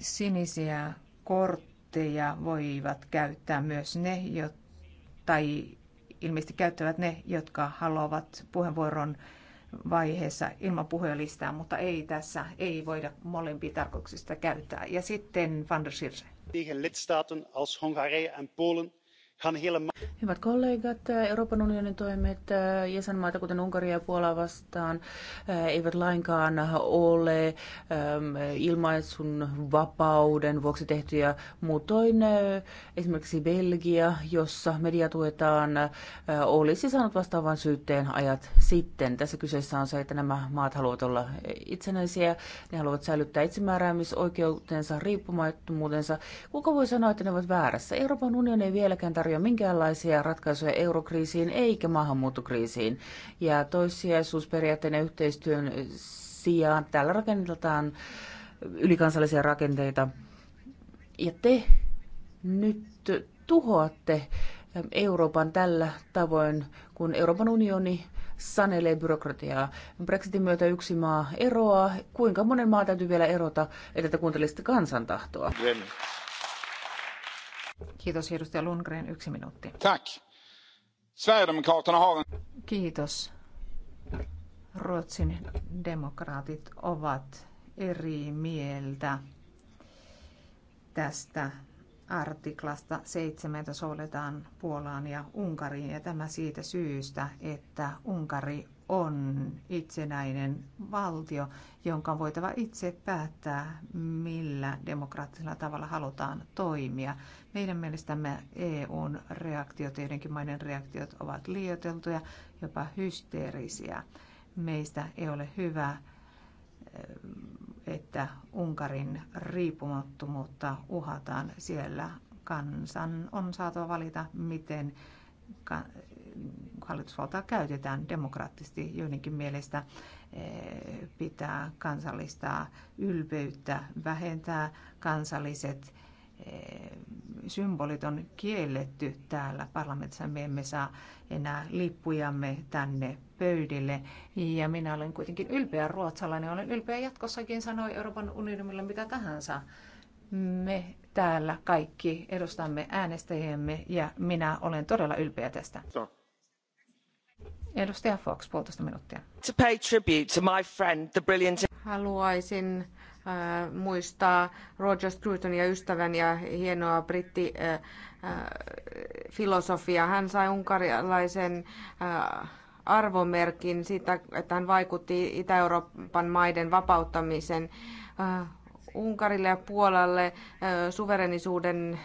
Sinisiä kortteja voivat käyttää myös ne, jo, tai ilmeisesti käyttävät ne, jotka haluavat puheenvuoron vaiheessa ilman puhujalistaa, mutta ei tässä, ei voida molempia tarkoituksista käyttää. Ja sitten Van der Schirse. Tegen lidstaten als Hongarije en Polen Hyvät kollegat, Euroopan unionin toimet äh, jäsenmaita, kuten Unkaria ja Puolaa vastaan, äh, eivät lainkaan ole ähm, ilmaisun vapauden vuoksi tehtyjä. Muutoin äh, esimerkiksi Belgia, jossa media tuetaan, olisi saanut vastaavan syytteen ajat sitten. Tässä kyseessä on se, että nämä maat haluavat olla itsenäisiä, ne haluavat säilyttää itsemääräämisoikeutensa, riippumattomuutensa. Kuka voi sanoa, että ne ovat väärässä? Euroopan unioni ei vieläkään tarvitse tarjoa minkäänlaisia ratkaisuja eurokriisiin eikä maahanmuuttokriisiin. Ja toissijaisuusperiaatteen ja yhteistyön sijaan täällä rakennetaan ylikansallisia rakenteita. Ja te nyt tuhoatte Euroopan tällä tavoin, kun Euroopan unioni sanelee byrokratiaa. Brexitin myötä yksi maa eroaa. Kuinka monen maa täytyy vielä erota, että te kuuntelisitte kansantahtoa? Glenn. Kiitos edustaja Lundgren, yksi minuutti. Tack. Sverigedemokraterna har... Kiitos. Ruotsin demokraatit ovat eri mieltä tästä artiklasta 7 sovelletaan Puolaan ja Unkariin ja tämä siitä syystä, että Unkari on itsenäinen valtio, jonka on voitava itse päättää, millä demokraattisella tavalla halutaan toimia. Meidän mielestämme EUn reaktiot, joidenkin maiden reaktiot ovat liioiteltuja, jopa hysteerisiä. Meistä ei ole hyvä, eh, että Unkarin riippumattomuutta uhataan siellä. Kansan on saatava valita, miten hallitusvaltaa käytetään demokraattisesti joidenkin mielestä eh, pitää kansallista ylpeyttä vähentää. Kansalliset eh, symbolit on kielletty täällä parlamentissa. Me emme saa enää lippujamme tänne pöydille. Ja minä olen kuitenkin ylpeä ruotsalainen. Olen ylpeä jatkossakin sanoi Euroopan unionilla mitä tahansa. Me täällä kaikki edustamme äänestäjiemme ja minä olen todella ylpeä tästä. Edustaja Fox, puolitoista minuuttia. To pay tribute to my friend, the brilliant... Haluaisin äh, muistaa Roger Scruton ja ystävän ja hienoa britti äh, äh, filosofia. Hän sai unkarilaisen äh, arvomerkin siitä, että hän vaikutti Itä-Euroopan maiden vapauttamisen äh, Unkarille ja Puolalle suverenisuuden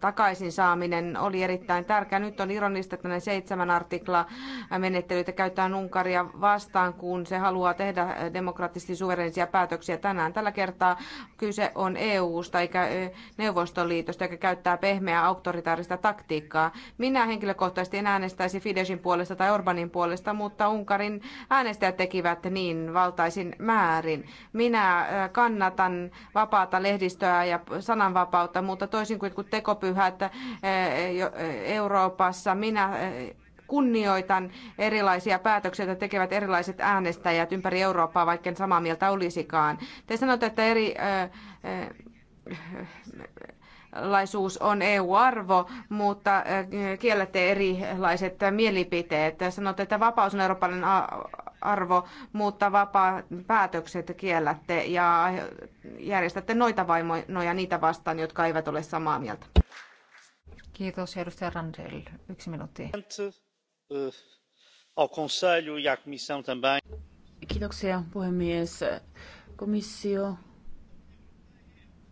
takaisin saaminen oli erittäin tärkeää. Nyt on ironista, että ne seitsemän artikla menettelyitä käytetään Unkaria vastaan, kun se haluaa tehdä demokraattisesti suverenisia päätöksiä tänään. Tällä kertaa kyse on EU-sta eikä Neuvostoliitosta, joka käyttää pehmeää autoritaarista taktiikkaa. Minä henkilökohtaisesti en äänestäisi Fidesin puolesta tai Orbanin puolesta, mutta Unkarin äänestäjät tekivät niin valtaisin määrin. Minä kannatan vapaata lehdistöä ja sananvapautta, mutta toisin kuin että eh, eh, Euroopassa, minä eh, kunnioitan erilaisia päätöksiä, joita tekevät erilaiset äänestäjät ympäri Eurooppaa, vaikka en samaa mieltä olisikaan. Te sanotte, että eri laisuus on EU-arvo, mutta kiellätte erilaiset mielipiteet. Sanotte, että vapaus on eurooppalainen arvo, mutta vapaa päätökset kiellätte ja järjestätte noita vaimoja niitä vastaan, jotka eivät ole samaa mieltä. Kiitos, edustaja Randell. Yksi minuutti. Eh, e Kiitoksia, puhemies. Komissio,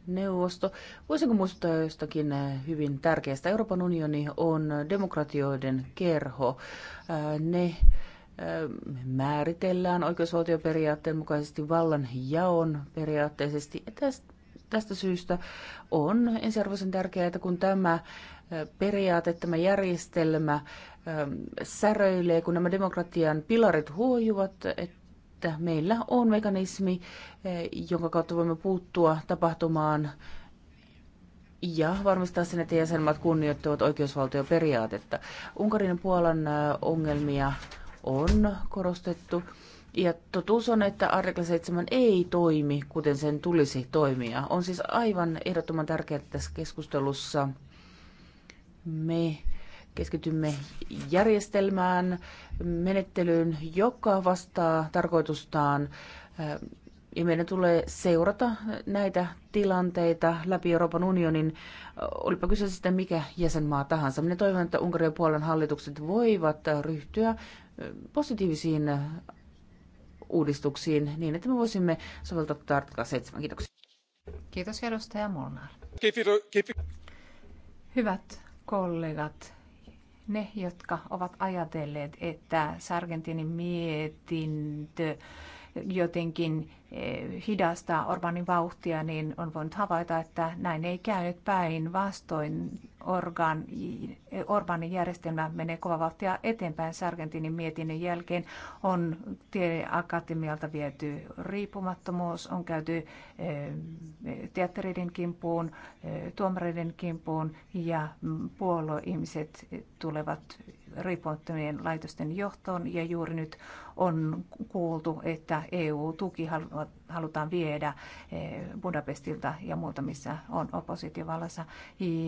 neuvosto. Voisinko muistuttaa jostakin eh, hyvin tärkeästä? Euroopan unioni on demokratioiden kerho. Eh, ne määritellään oikeusvaltioperiaatteen mukaisesti vallan jaon periaatteisesti. Tästä syystä on ensiarvoisen tärkeää, että kun tämä periaate, tämä järjestelmä säröilee, kun nämä demokratian pilarit huojuvat, että meillä on mekanismi, jonka kautta voimme puuttua tapahtumaan ja varmistaa sen, että jäsenmaat kunnioittavat oikeusvaltioperiaatetta. Unkarin ja Puolan ongelmia on korostettu. Ja totuus on, että artikla 7 ei toimi, kuten sen tulisi toimia. On siis aivan ehdottoman tärkeää, että tässä keskustelussa me keskitymme järjestelmään, menettelyyn, joka vastaa tarkoitustaan. Ja meidän tulee seurata näitä tilanteita läpi Euroopan unionin, olipa kyse sitten mikä jäsenmaa tahansa. Minä toivon, että Unkarin ja Puolan hallitukset voivat ryhtyä positiivisiin uudistuksiin niin, että me voisimme soveltaa tätä artiklaa 7. Kiitoksia. Kiitos edustaja Molnar. Hyvät kollegat, ne, jotka ovat ajatelleet, että Sargentinin mietintö jotenkin eh, hidastaa Orbanin vauhtia, niin on voinut havaita, että näin ei käynyt päin. Vastoin Organ, Orbanin järjestelmä menee kova vauhtia eteenpäin. Sargentinin mietinnön jälkeen on tieakatemialta viety riippumattomuus, on käyty eh, teatteriden kimpuun, eh, tuomareiden kimpuun ja puolueihmiset tulevat riippumattomien laitosten johtoon ja juuri nyt on kuultu, että EU-tuki halutaan viedä eh, Budapestilta ja muuta, missä on oppositiovallassa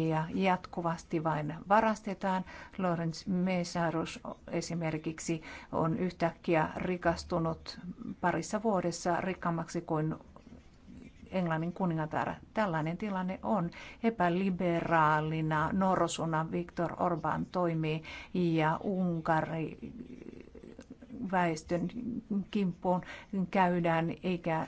ja jatkuvasti vain varastetaan. Lorenz Mesarus esimerkiksi on yhtäkkiä rikastunut parissa vuodessa rikkaammaksi kuin Englannin kuningatar. Tällainen tilanne on epäliberaalina. Norsuna Viktor Orban toimii ja Unkari väestön kimppuun käydään, eikä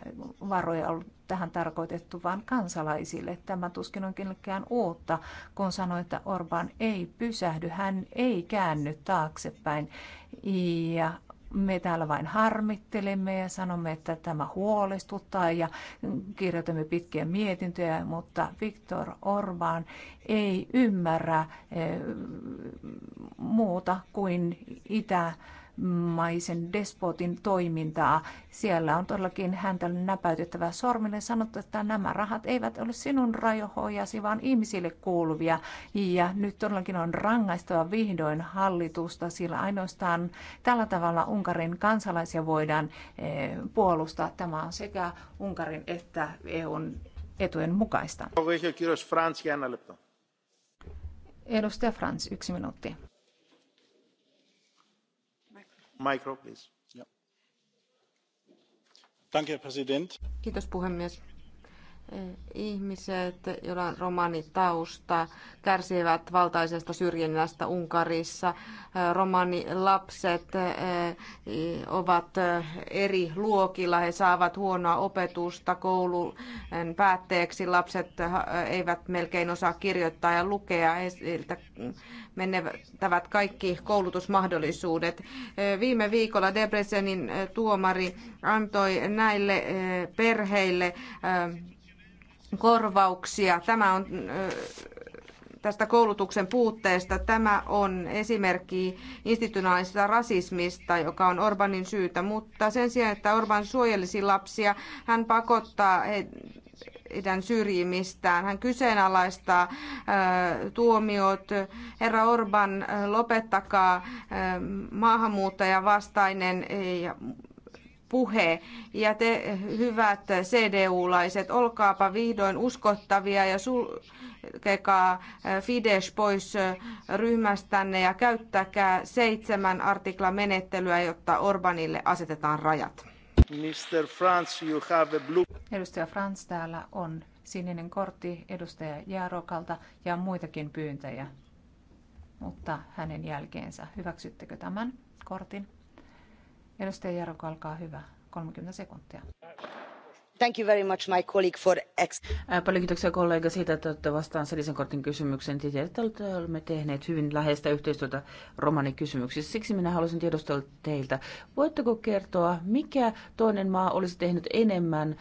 varoja ollut tähän tarkoitettu, vaan kansalaisille. Tämä tuskin on kenellekään uutta, kun sanoi, että Orban ei pysähdy, hän ei käänny taaksepäin. Ja me täällä vain harmittelemme ja sanomme, että tämä huolestuttaa ja kirjoitamme pitkiä mietintöjä, mutta Viktor Orban ei ymmärrä eh, muuta kuin itä maisen despotin toimintaa. Siellä on todellakin häntä näpäytettävä sormille sanottu, että nämä rahat eivät ole sinun rajohojasi, vaan ihmisille kuuluvia. Ja nyt todellakin on rangaistava vihdoin hallitusta, sillä ainoastaan tällä tavalla Unkarin kansalaisia voidaan eh, puolustaa. Tämä on sekä Unkarin että EUn etujen mukaista. Edustaja Frans, yksi minuutti arvoisa kiitos puhemies Ihmiset, joilla on romanitausta, kärsivät valtaisesta syrjinnästä Unkarissa. Romanilapset eh, ovat eh, eri luokilla, he saavat huonoa opetusta koulun päätteeksi. Lapset eh, eivät melkein osaa kirjoittaa ja lukea, heiltä menevät kaikki koulutusmahdollisuudet. Viime viikolla Debrecenin tuomari antoi näille perheille korvauksia. Tämä on tästä koulutuksen puutteesta. Tämä on esimerkki institutionaalisesta rasismista, joka on Orbanin syytä, mutta sen sijaan, että Orban suojelisi lapsia, hän pakottaa heidän syrjimistään. Hän kyseenalaistaa tuomiot. Herra Orban, lopettakaa äh, maahanmuuttajavastainen puhe. Ja te hyvät CDU-laiset, olkaapa vihdoin uskottavia ja sulkekaa eh, Fides pois eh, ryhmästänne ja käyttäkää seitsemän artikla menettelyä, jotta Orbanille asetetaan rajat. Mr. Franz, you have a blue... Edustaja Franz täällä on sininen kortti edustaja Jaarokalta ja muitakin pyyntöjä, mutta hänen jälkeensä. Hyväksyttekö tämän kortin? Edustaja Jarko, alkaa hyvä. 30 sekuntia. Thank you very much, my colleague, for ex- Paljon kiitoksia kollega siitä, että olette vastaan sellisen kortin kysymyksen. Te että olemme tehneet hyvin läheistä yhteistyötä romanikysymyksissä. Siksi minä haluaisin tiedostella teiltä, voitteko kertoa, mikä toinen maa olisi tehnyt enemmän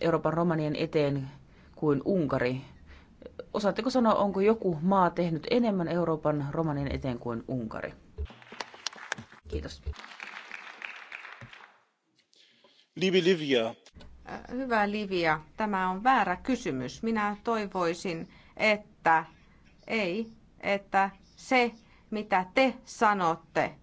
Euroopan romanien eteen kuin Unkari? Osaatteko sanoa, onko joku maa tehnyt enemmän Euroopan romanien eteen kuin Unkari? Kiitos. Liebe Livia. Äh, hyvä Livia, tämä on väärä kysymys. Minä toivoisin, että ei, että se mitä te sanotte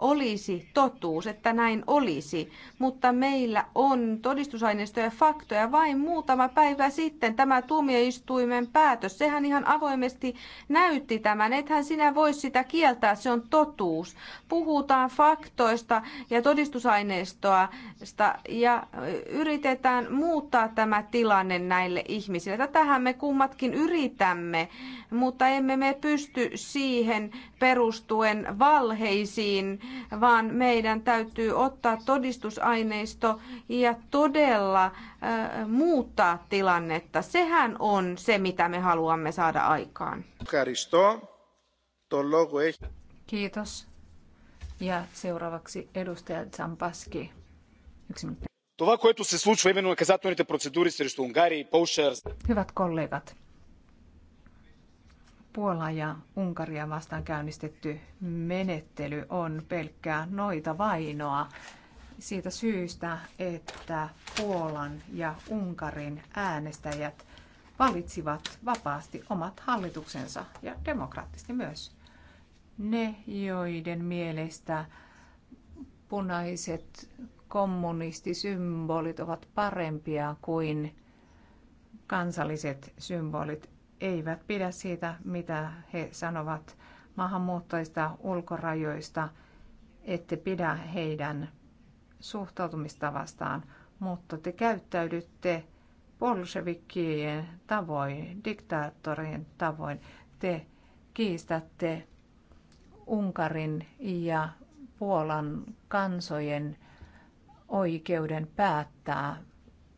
olisi totuus, että näin olisi, mutta meillä on todistusaineistoja ja faktoja vain muutama päivä sitten tämä tuomioistuimen päätös. Sehän ihan avoimesti näytti tämän, ethän sinä voi sitä kieltää, se on totuus. Puhutaan faktoista ja todistusaineistoa ja yritetään muuttaa tämä tilanne näille ihmisille. Tätähän me kummatkin yritämme, mutta emme me pysty siihen perustuen valheisiin vaan meidän täytyy ottaa todistusaineisto ja todella äh, muuttaa tilannetta. Sehän on se, mitä me haluamme saada aikaan. Kiitos. Ja seuraavaksi edustaja Zampaski. Yksi minuutti. Hyvät kollegat, Puola ja Unkaria vastaan käynnistetty menettely on pelkkää noita vainoa siitä syystä, että Puolan ja Unkarin äänestäjät valitsivat vapaasti omat hallituksensa ja demokraattisesti myös. Ne, joiden mielestä punaiset kommunistisymbolit ovat parempia kuin kansalliset symbolit, eivät pidä siitä, mitä he sanovat maahanmuuttajista ulkorajoista, ette pidä heidän suhtautumista vastaan, mutta te käyttäydytte bolshevikkien tavoin, diktaattorien tavoin. Te kiistätte Unkarin ja Puolan kansojen oikeuden päättää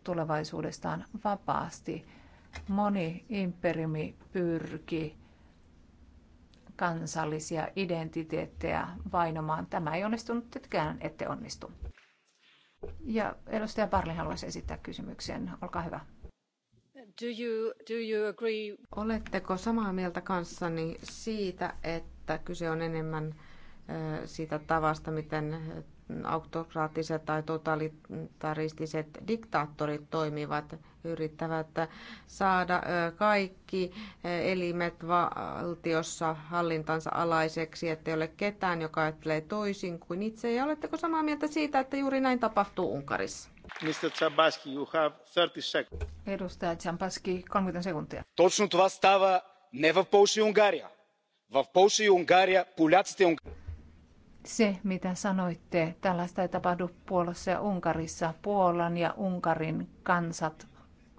tulevaisuudestaan vapaasti moni imperiumi pyrki kansallisia identiteettejä vainomaan. Tämä ei onnistunut, tetkään ette onnistu. Ja edustaja Parli haluaisi esittää kysymyksen. Olkaa hyvä. Do you, do you agree? Oletteko samaa mieltä kanssani siitä, että kyse on enemmän siitä tavasta, miten autokraattiset tai totalitaristiset diktaattorit toimivat, yrittävät saada kaikki elimet valtiossa hallintansa alaiseksi, ettei ole ketään, joka ajattelee toisin kuin itse. Ja oletteko samaa mieltä siitä, että juuri näin tapahtuu Unkarissa? Mr. Chambaski, you have 30 seconds. Edustaja Chambaski, 30 sekuntia. Точно това става не в Полша и Унгария. В Полша и Унгария поляците и Унгария se, mitä sanoitte, tällaista ei tapahdu Puolassa ja Unkarissa. Puolan ja Unkarin kansat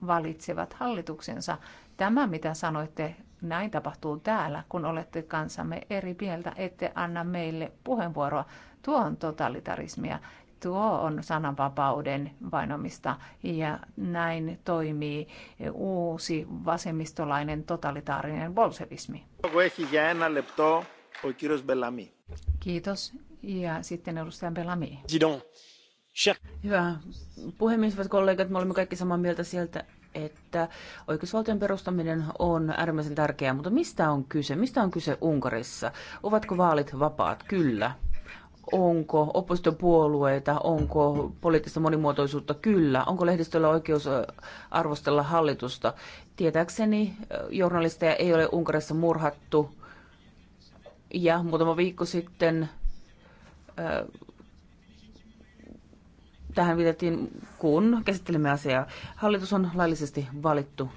valitsevat hallituksensa. Tämä, mitä sanoitte, näin tapahtuu täällä, kun olette kansamme eri mieltä, ette anna meille puheenvuoroa. Tuo on totalitarismia, tuo on sananvapauden vainomista ja näin toimii uusi vasemmistolainen totalitaarinen bolsevismi. Ο κύριος Bellamy. Kiitos. Ja sitten edustaja Bellamy. Gidon. Hyvä puhemies, hyvät kollegat, me olemme kaikki samaa mieltä sieltä, että oikeusvaltion perustaminen on äärimmäisen tärkeää, mutta mistä on kyse? Mistä on kyse Unkarissa? Ovatko vaalit vapaat? Kyllä. Onko oppositiopuolueita, onko poliittista monimuotoisuutta? Kyllä. Onko lehdistöllä oikeus arvostella hallitusta? Tietääkseni journalisteja ei ole Unkarissa murhattu ja muutama viikko sitten tähän viitattiin, kun käsittelemme asiaa. Hallitus on laillisesti valittu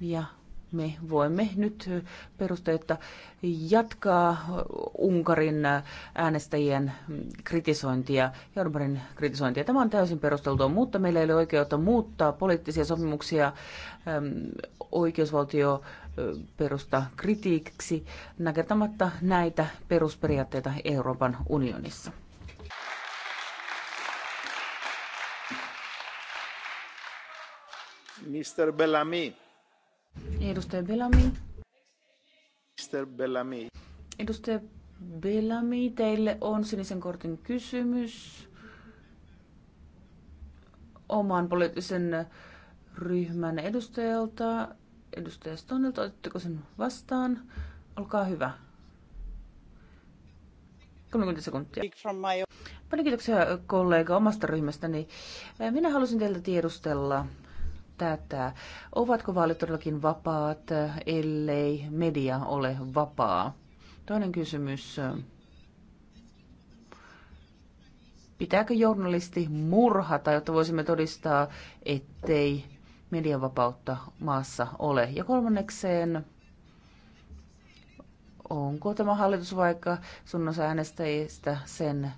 ja me voimme nyt perusteetta jatkaa Unkarin äänestäjien kritisointia ja Orbanin kritisointia. Tämä on täysin perusteltua, mutta meillä ei ole oikeutta muuttaa poliittisia sopimuksia ähm, oikeusvaltio äh, perusta kritiiksi näkertämättä näitä perusperiaatteita Euroopan unionissa. Mr. Bellamy. Edustaja Bellamy. Mr. Bellamy. Edustaja Bellamy, teille on sinisen kortin kysymys oman poliittisen ryhmän edustajalta, edustaja Stonelta, Otetteko sen vastaan? Olkaa hyvä. 30 sekuntia. Paljon kiitoksia kollega omasta ryhmästäni. Minä halusin teiltä tiedustella tätä. Ovatko vaalit todellakin vapaat, ellei media ole vapaa? Toinen kysymys. Pitääkö journalisti murhata, jotta voisimme todistaa, ettei vapautta maassa ole? Ja kolmannekseen, onko tämä hallitus vaikka sunnossa äänestäjistä sen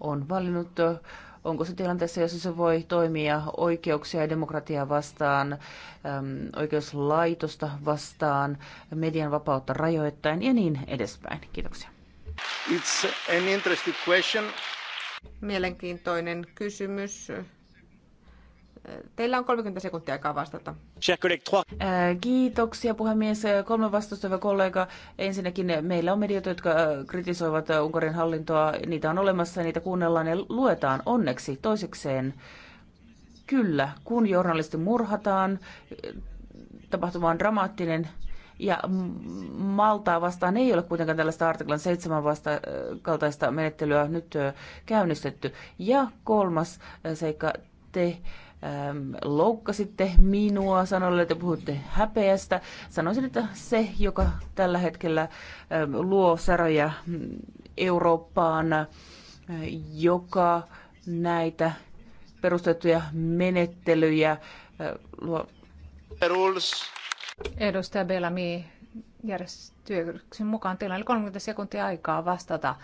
on valinnut onko se tilanteessa, jossa se voi toimia oikeuksia ja demokratiaa vastaan, äm, oikeuslaitosta vastaan, median vapautta rajoittain ja niin edespäin. Kiitoksia. It's an interesting question. Mielenkiintoinen kysymys. Teillä on 30 sekuntia aikaa vastata. Äh, kiitoksia puhemies. Äh, kolme vastustava kollega. Ensinnäkin meillä on medioita, jotka äh, kritisoivat Unkarin hallintoa. Niitä on olemassa, niitä kuunnellaan ja luetaan onneksi. Toisekseen, kyllä, kun journalisti murhataan, tapahtuma on dramaattinen, ja Maltaa vastaan ei ole kuitenkaan tällaista artiklan 7 vasta kaltaista menettelyä nyt käynnistetty. Ja kolmas seikka, te Ähm, loukkasitte minua, sanoille, että puhutte häpeästä. Sanoisin, että se, joka tällä hetkellä ähm, luo säröjä mm, Eurooppaan, äh, joka näitä perustettuja menettelyjä äh, luo. Edustaja Bellamy, järjestyksen mukaan teillä oli 30 sekuntia aikaa vastata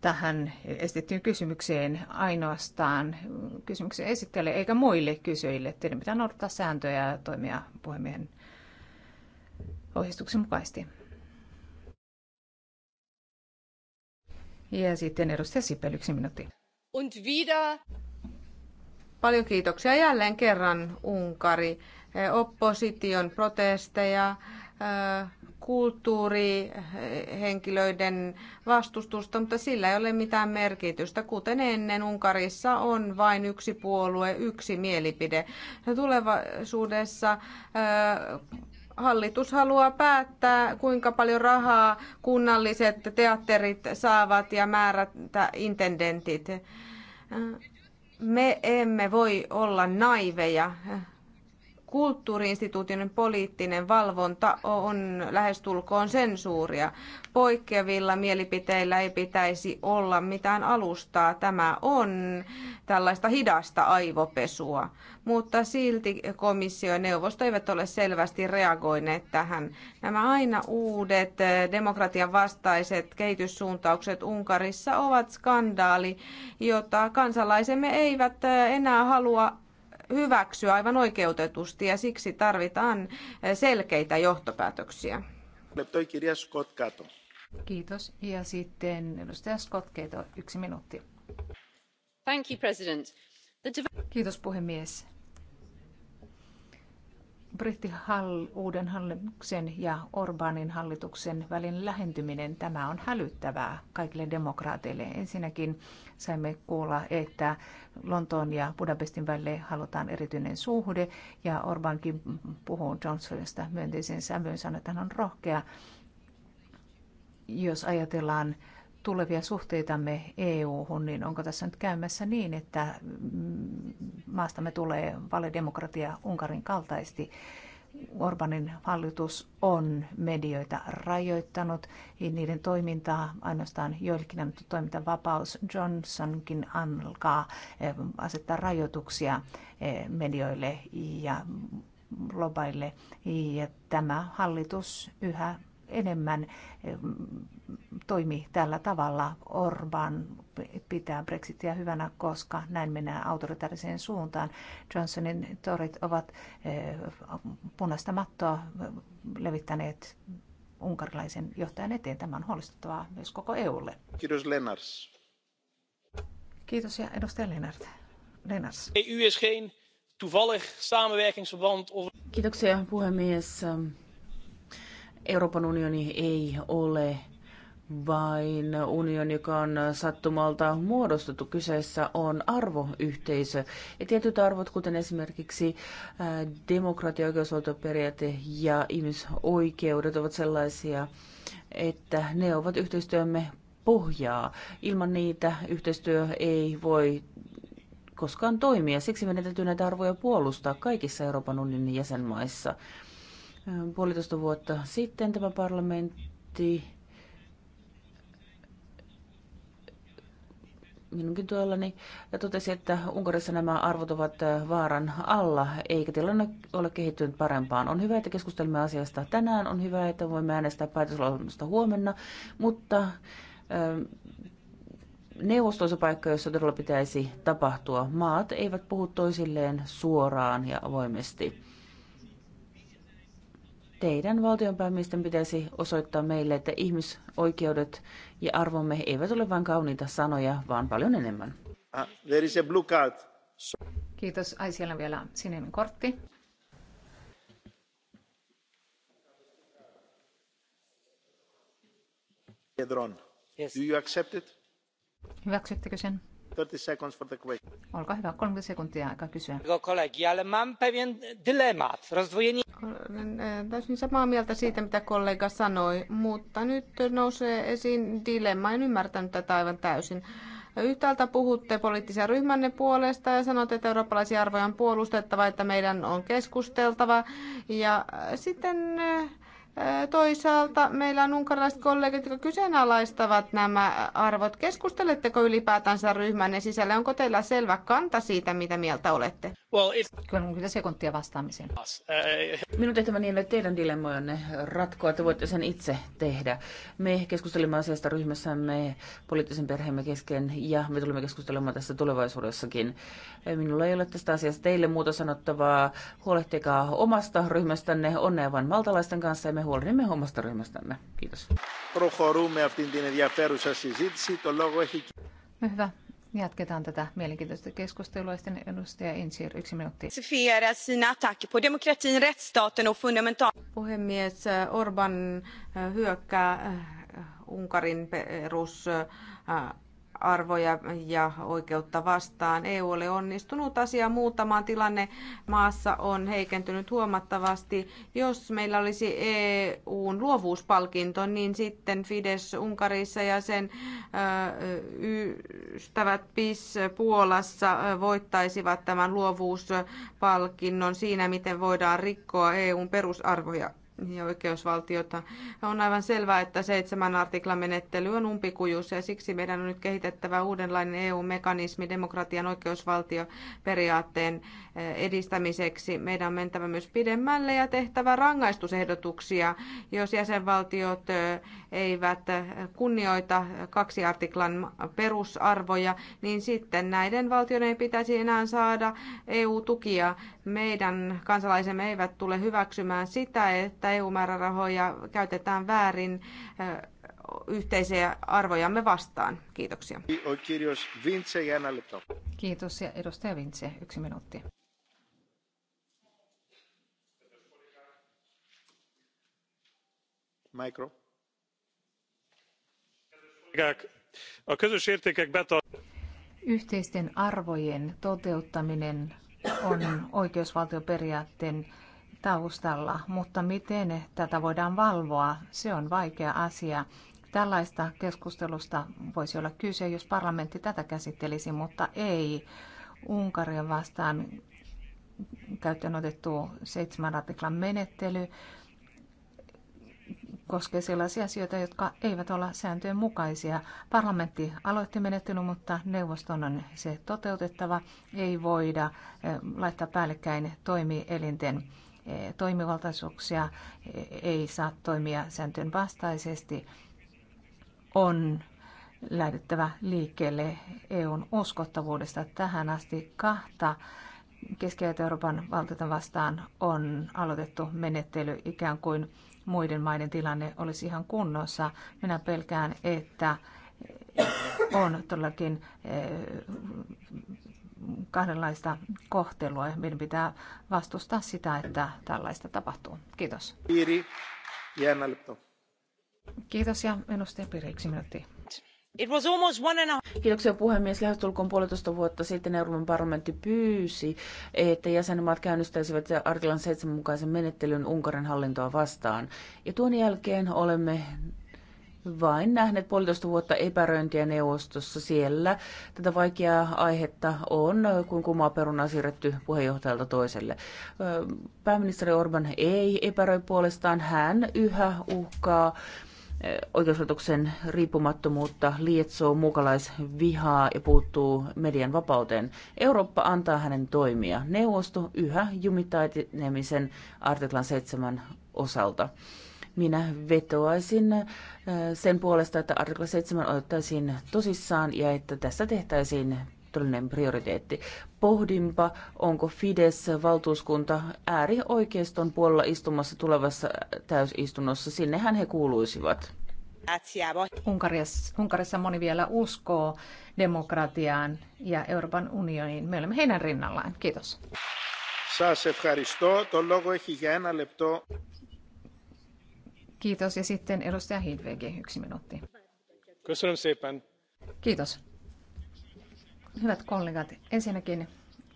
tähän esitettyyn kysymykseen ainoastaan kysymyksen esittäjälle eikä muille kysyjille. Teidän pitää noudattaa sääntöjä ja toimia puhemiehen ohjeistuksen mukaisesti. Ja sitten edustaja Sipel, yksi minuutti. Und wieder. Paljon kiitoksia jälleen kerran Unkari. Opposition protesteja, äh, kulttuurihenkilöiden vastustusta, mutta sillä ei ole mitään merkitystä. Kuten ennen, Unkarissa on vain yksi puolue, yksi mielipide. Tulevaisuudessa hallitus haluaa päättää, kuinka paljon rahaa kunnalliset teatterit saavat ja määrätä intendentit. Me emme voi olla naiveja kulttuuriinstituutin poliittinen valvonta on lähestulkoon sensuuria. Poikkeavilla mielipiteillä ei pitäisi olla mitään alustaa. Tämä on tällaista hidasta aivopesua. Mutta silti komissio ja neuvosto eivät ole selvästi reagoineet tähän. Nämä aina uudet eh, demokratian vastaiset kehityssuuntaukset Unkarissa ovat skandaali, jota kansalaisemme eivät eh, enää halua hyväksyä aivan oikeutetusti ja siksi tarvitaan selkeitä johtopäätöksiä. Kiitos. Ja sitten edustaja Scott yksi minuutti. Thank you, President. Kiitos puhemies brittihall, uuden hallituksen ja Orbanin hallituksen välin lähentyminen, tämä on hälyttävää kaikille demokraateille. Ensinnäkin saimme kuulla, että Lontoon ja Budapestin välille halutaan erityinen suhde ja Orbankin puhuu Johnsonista myönteisen sävyyn, sanoi, että hän on rohkea. Jos ajatellaan tulevia suhteitamme EU-hun, niin onko tässä nyt käymässä niin, että mm, maastamme tulee valedemokratia Unkarin kaltaisesti? Orbanin hallitus on medioita rajoittanut, niiden toimintaa ainoastaan joillekin annettu toimintavapaus. Johnsonkin alkaa eh, asettaa rajoituksia eh, medioille ja lobaille. Ja tämä hallitus yhä enemmän eh, toimi tällä tavalla. Orban pitää Brexitia hyvänä, koska näin mennään autoritaariseen suuntaan. Johnsonin torit ovat eh, punaista mattoa levittäneet unkarilaisen johtajan eteen. Tämä on huolestuttavaa myös koko EUlle. Kiitos Lennars. Kiitos ja edustaja Lennart. Lennars. EU e is geen toevallig samenwerkingsverband. Kiitoksia puhemies. Euroopan unioni ei ole vain unioni, joka on sattumalta muodostettu. Kyseessä on arvoyhteisö. Ja tietyt arvot, kuten esimerkiksi demokratia, oikeusvaltioperiaate ja ihmisoikeudet, ovat sellaisia, että ne ovat yhteistyömme pohjaa. Ilman niitä yhteistyö ei voi koskaan toimia. Siksi meidän täytyy näitä arvoja puolustaa kaikissa Euroopan unionin jäsenmaissa. Puolitoista vuotta sitten tämä parlamentti minunkin tuollani, ja totesi, että Unkarissa nämä arvot ovat äh, vaaran alla, eikä tilanne ole kehittynyt parempaan. On hyvä, että keskustelemme asiasta tänään, on hyvä, että voimme äänestää päätöslauselmasta huomenna, mutta ähm, neuvostoissa paikka, jossa todella pitäisi tapahtua. Maat eivät puhu toisilleen suoraan ja avoimesti teidän valtionpäämiesten pitäisi osoittaa meille, että ihmisoikeudet ja arvomme eivät ole vain kauniita sanoja, vaan paljon enemmän. Ah, there is a blue card. So... Kiitos. Ai, siellä on vielä sininen kortti. Edron, yes. do you accept it? Hyväksyttekö sen? 30 seconds for the question. Olkaa hyvä, 30 sekuntia aika kysyä. Kollegi, ale mam pewien dylemat. Rozdwojenie... Olen eh, täysin samaa mieltä siitä, mitä kollega sanoi, mutta nyt nousee esiin dilemma. En ymmärtänyt tätä aivan täysin. Yhtäältä puhutte poliittisen ryhmänne puolesta ja sanotte, että eurooppalaisia arvoja on puolustettava, että meidän on keskusteltava. Ja sitten eh, Toisaalta meillä on unkaralaiset kollegat, jotka kyseenalaistavat nämä arvot. Keskusteletteko ylipäätänsä ryhmänne sisällä? Onko teillä selvä kanta siitä, mitä mieltä olette? Well, Kyllä sekuntia vastaamiseen. Eh, Minun tehtäväni ei ole teidän dilemmojanne ratkoa. että voitte sen itse tehdä. Me keskustelimme asiasta ryhmässämme poliittisen perheemme kesken ja me tulemme keskustelemaan tästä tulevaisuudessakin. Eh, minulla ei ole tästä asiasta teille muuta sanottavaa. Huolehtikaa omasta ryhmästänne. Onnea vain maltalaisten kanssa ja me huolehdimme omasta ryhmästämme. Kiitos. No hyvä. Jatketaan tätä mielenkiintoista keskustelua. Sitten edustaja Insir, yksi minuutti. Puhemies, eh, Orban eh, hyökkää eh, Unkarin perus arvoja ja oikeutta vastaan. EU oli onnistunut asiaa muutamaan. Tilanne maassa on heikentynyt huomattavasti. Jos meillä olisi EUn luovuuspalkinto, niin sitten Fides Unkarissa ja sen ystävät PIS Puolassa voittaisivat tämän luovuuspalkinnon siinä, miten voidaan rikkoa EUn perusarvoja ja oikeusvaltiota. On aivan selvää, että seitsemän artiklan menettely on umpikujus ja siksi meidän on nyt kehitettävä uudenlainen EU-mekanismi demokratian oikeusvaltioperiaatteen eh, edistämiseksi. Meidän on mentävä myös pidemmälle ja tehtävä rangaistusehdotuksia, jos jäsenvaltiot eh, eivät eh, kunnioita kaksi artiklan perusarvoja, niin sitten näiden valtioiden ei pitäisi enää saada EU-tukia. Meidän kansalaisemme eivät tule hyväksymään sitä, että EU-määrärahoja käytetään väärin yhteisiä arvojamme vastaan. Kiitoksia. Kiitos ja edustaja Vintse, yksi minuutti. Mikro. Yhteisten arvojen toteuttaminen on oikeusvaltioperiaatteen taustalla, mutta miten tätä voidaan valvoa, se on vaikea asia. Tällaista keskustelusta voisi olla kyse, jos parlamentti tätä käsittelisi, mutta ei. Unkarin vastaan käyttöön otettu seitsemän artiklan menettely koskee sellaisia asioita, jotka eivät ole sääntöjen mukaisia. Parlamentti aloitti menettelyn, mutta neuvoston on se toteutettava. Ei voida eh, laittaa päällekkäin toimielinten Eh, toimivaltaisuuksia eh, ei saa toimia sääntöjen vastaisesti, on lähdettävä liikkeelle EUn uskottavuudesta. Tähän asti kahta keski euroopan valtiota vastaan on aloitettu menettely ikään kuin muiden maiden tilanne olisi ihan kunnossa. Minä pelkään, että on todellakin eh, kahdenlaista kohtelua ja meidän pitää vastustaa sitä, että tällaista tapahtuu. Kiitos. Piiri, Kiitos ja edustaja Piiri, yksi minuutti. It was almost one and a... Kiitoksia puhemies. Lähestulkoon puolitoista vuotta sitten Euroopan parlamentti pyysi, että jäsenmaat käynnistäisivät artiklan 7 mukaisen menettelyn Unkarin hallintoa vastaan. Ja tuon jälkeen olemme vain nähneet puolitoista vuotta epäröintiä neuvostossa siellä. Tätä vaikeaa aihetta on, kun kumaa peruna on siirretty puheenjohtajalta toiselle. Pääministeri Orban ei epäröi puolestaan. Hän yhä uhkaa oikeuslaitoksen riippumattomuutta, lietsoo mukalaisvihaa ja puuttuu median vapauteen. Eurooppa antaa hänen toimia. Neuvosto yhä jumitaitenemisen artiklan 7 osalta. Minä vetoaisin äh, sen puolesta, että artikla 7 otettaisiin tosissaan ja että tässä tehtäisiin todellinen prioriteetti. Pohdinpa, onko Fides-valtuuskunta äärioikeiston puolella istumassa tulevassa täysistunnossa. Sinnehän he kuuluisivat. Unkarissa, Unkarissa moni vielä uskoo demokratiaan ja Euroopan unioniin. Me olemme heidän rinnallaan. Kiitos. Kiitos. Ja sitten edustaja Hidvege yksi minuutti. Kiitos. Hyvät kollegat, ensinnäkin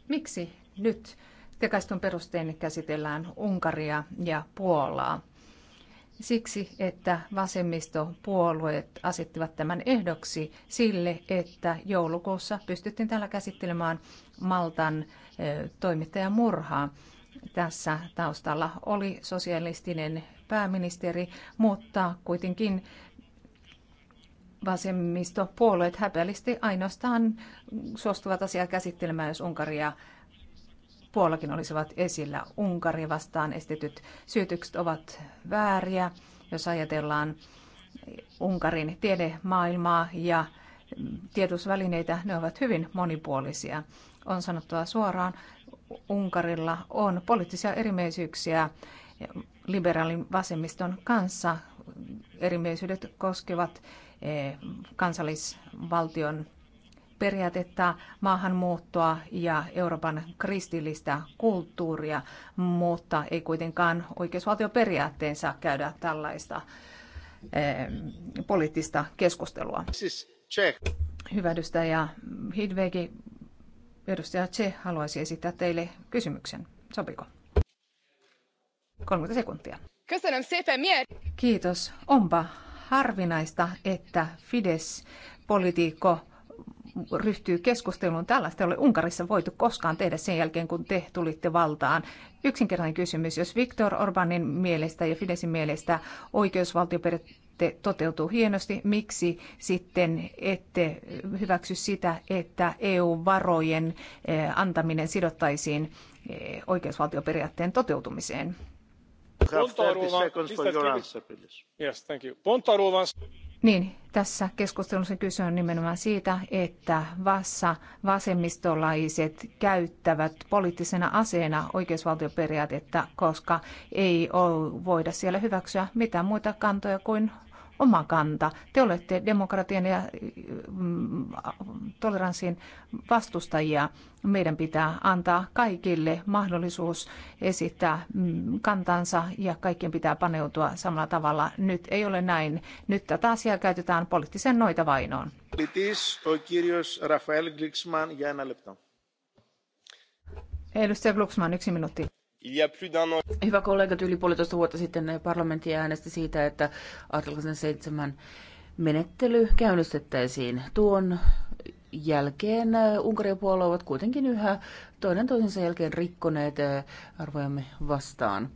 miksi nyt tekaistun perustein käsitellään Unkaria ja Puolaa? Siksi, että vasemmistopuolueet asettivat tämän ehdoksi sille, että joulukuussa pystyttiin tällä käsittelemään Maltan toimittajamurhaa. Tässä taustalla oli sosialistinen pääministeri, mutta kuitenkin vasemmistopuolueet häpeällisesti ainoastaan suostuvat asiaa käsittelemään, jos Unkaria Puolakin olisivat esillä. Unkari vastaan estetyt syytykset ovat vääriä, jos ajatellaan Unkarin tiedemaailmaa ja tiedusvälineitä, ne ovat hyvin monipuolisia. On sanottava suoraan, Unkarilla on poliittisia erimielisyyksiä liberaalin vasemmiston kanssa. Erimielisyydet koskevat eh, kansallisvaltion periaatetta, maahanmuuttoa ja Euroopan kristillistä kulttuuria, mutta ei kuitenkaan oikeusvaltioperiaatteensa käydä tällaista eh, poliittista keskustelua. Hyvä edustaja Hidvegi, edustaja Che haluaisi esittää teille kysymyksen. Sopiko? 30 sekuntia. Kiitos. Onpa harvinaista, että Fides-politiikko ryhtyy keskusteluun. Tällaista ei ole Unkarissa voitu koskaan tehdä sen jälkeen, kun te tulitte valtaan. Yksinkertainen kysymys, jos Viktor Orbanin mielestä ja Fidesin mielestä oikeusvaltioperiaate toteutuu hienosti, miksi sitten ette hyväksy sitä, että EU-varojen eh, antaminen sidottaisiin eh, oikeusvaltioperiaatteen toteutumiseen? Niin, tässä keskustelussa kyse on nimenomaan siitä, että vassa vasemmistolaiset käyttävät poliittisena aseena oikeusvaltioperiaatetta, koska ei voida siellä hyväksyä mitään muita kantoja kuin oma kanta. Te olette demokratian ja mm, toleranssin vastustajia. Meidän pitää antaa kaikille mahdollisuus esittää mm, kantansa ja kaikkien pitää paneutua samalla tavalla. Nyt ei ole näin. Nyt tätä asiaa käytetään poliittisen noita vainoon. Edustaja Glucksman, yksi minuutti Hyvä kollega, yli puolitoista vuotta sitten parlamentti äänesti siitä, että artiklan 7 menettely käynnistettäisiin. Tuon jälkeen äh, Unkarin puolue ovat kuitenkin yhä toinen toisensa jälkeen rikkoneet äh, arvojamme vastaan.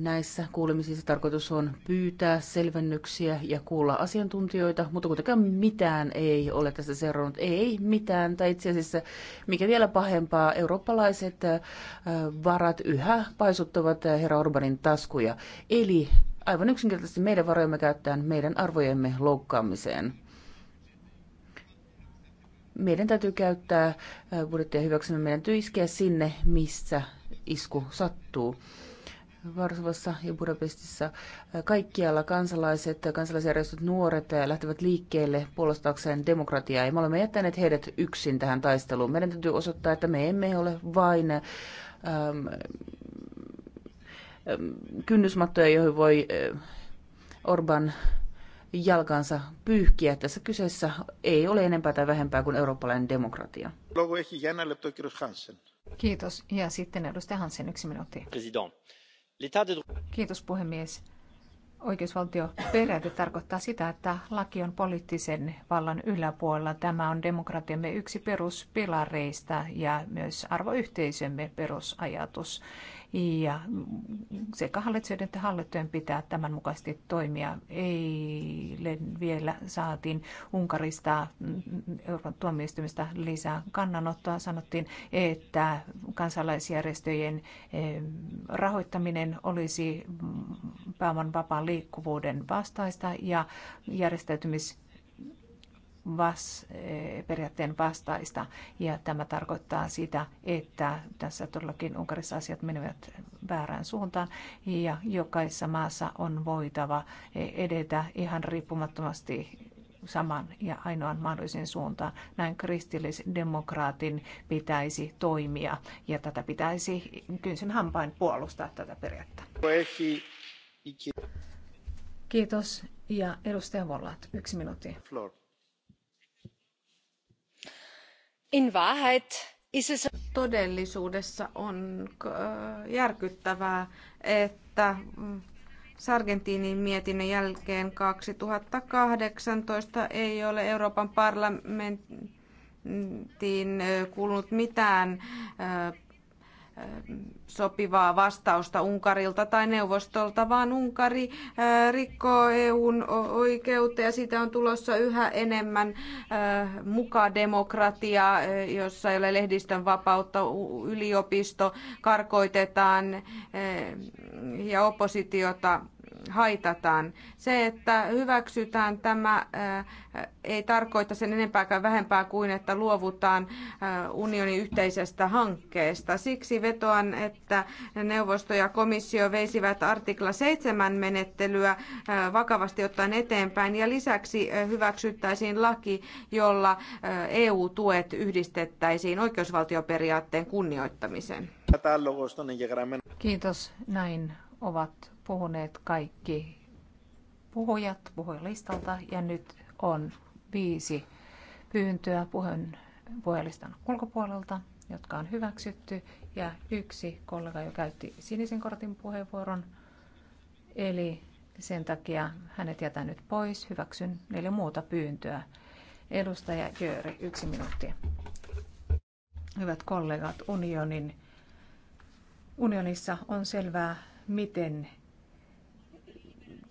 Näissä kuulemisissa tarkoitus on pyytää selvennyksiä ja kuulla asiantuntijoita, mutta kuitenkaan mitään ei ole tässä seurannut. Ei mitään, tai itse asiassa mikä vielä pahempaa, eurooppalaiset varat yhä paisuttavat herra Orbanin taskuja. Eli aivan yksinkertaisesti meidän varojamme käyttäen meidän arvojemme loukkaamiseen meidän täytyy käyttää budjettia hyväksymme meidän täytyy iskeä sinne, missä isku sattuu. Varsovassa ja Budapestissa. Kaikkialla kansalaiset, kansalaisjärjestöt, nuoret lähtevät liikkeelle puolustaakseen demokratiaa. Ja me olemme jättäneet heidät yksin tähän taisteluun. Meidän täytyy osoittaa, että me emme ole vain ähm, ähm kynnysmattoja, joihin voi äh, Orban jalkansa pyyhkiä. Tässä kyseessä ei ole enempää tai vähempää kuin eurooppalainen demokratia. Kiitos. Ja sitten edustaja Hansen, yksi minuutti. President. Kiitos puhemies. Oikeusvaltio periaate tarkoittaa sitä, että laki on poliittisen vallan yläpuolella. Tämä on demokratiamme yksi peruspilareista ja myös arvoyhteisömme perusajatus. Ja sekä hallitsijoiden että hallittujen pitää tämän mukaisesti toimia. Eilen vielä saatiin Unkarista mm, mm, Euroopan tuomioistuimesta lisää kannanottoa. Sanottiin, että kansalaisjärjestöjen eh, rahoittaminen olisi pääoman vapaan liikkuvuuden vastaista ja järjestäytymis vas, eh, periaatteen vastaista. Ja tämä tarkoittaa sitä, että tässä todellakin Unkarissa asiat menevät väärään suuntaan ja jokaisessa maassa on voitava eh, edetä ihan riippumattomasti saman ja ainoan mahdollisen suuntaan. Näin kristillisdemokraatin pitäisi toimia ja tätä pitäisi kynsin hampain puolustaa tätä periaatetta. Kiitos. Ja edustaja Vollat, yksi minuutti. In Wahrheit Todellisuudessa on äh, järkyttävää, että mm, Sargentinin mietinnön jälkeen 2018 ei ole Euroopan parlamenttiin äh, kuulunut mitään äh, sopivaa vastausta Unkarilta tai neuvostolta, vaan Unkari äh, rikkoo EUn oikeutta ja siitä on tulossa yhä enemmän äh, mukademokratiaa, äh, jossa ei ole lehdistön vapautta, yliopisto karkoitetaan ja oppositiota haitataan. Se, että hyväksytään tämä, äh, ei tarkoita sen enempääkään vähempää kuin, että luovutaan äh, unionin yhteisestä hankkeesta. Siksi vetoan, että neuvosto ja komissio veisivät artikla 7 menettelyä äh, vakavasti ottaen eteenpäin ja lisäksi hyväksyttäisiin laki, jolla EU-tuet yhdistettäisiin oikeusvaltioperiaatteen kunnioittamiseen. Kiitos. Näin ovat puhuneet kaikki puhujat puhujalistalta ja nyt on viisi pyyntöä puheen, puhujalistan ulkopuolelta, jotka on hyväksytty ja yksi kollega jo käytti sinisen kortin puheenvuoron. Eli sen takia hänet jätän nyt pois. Hyväksyn neljä muuta pyyntöä. Edustaja Jööri, yksi minuutti. Hyvät kollegat, unionin, unionissa on selvää miten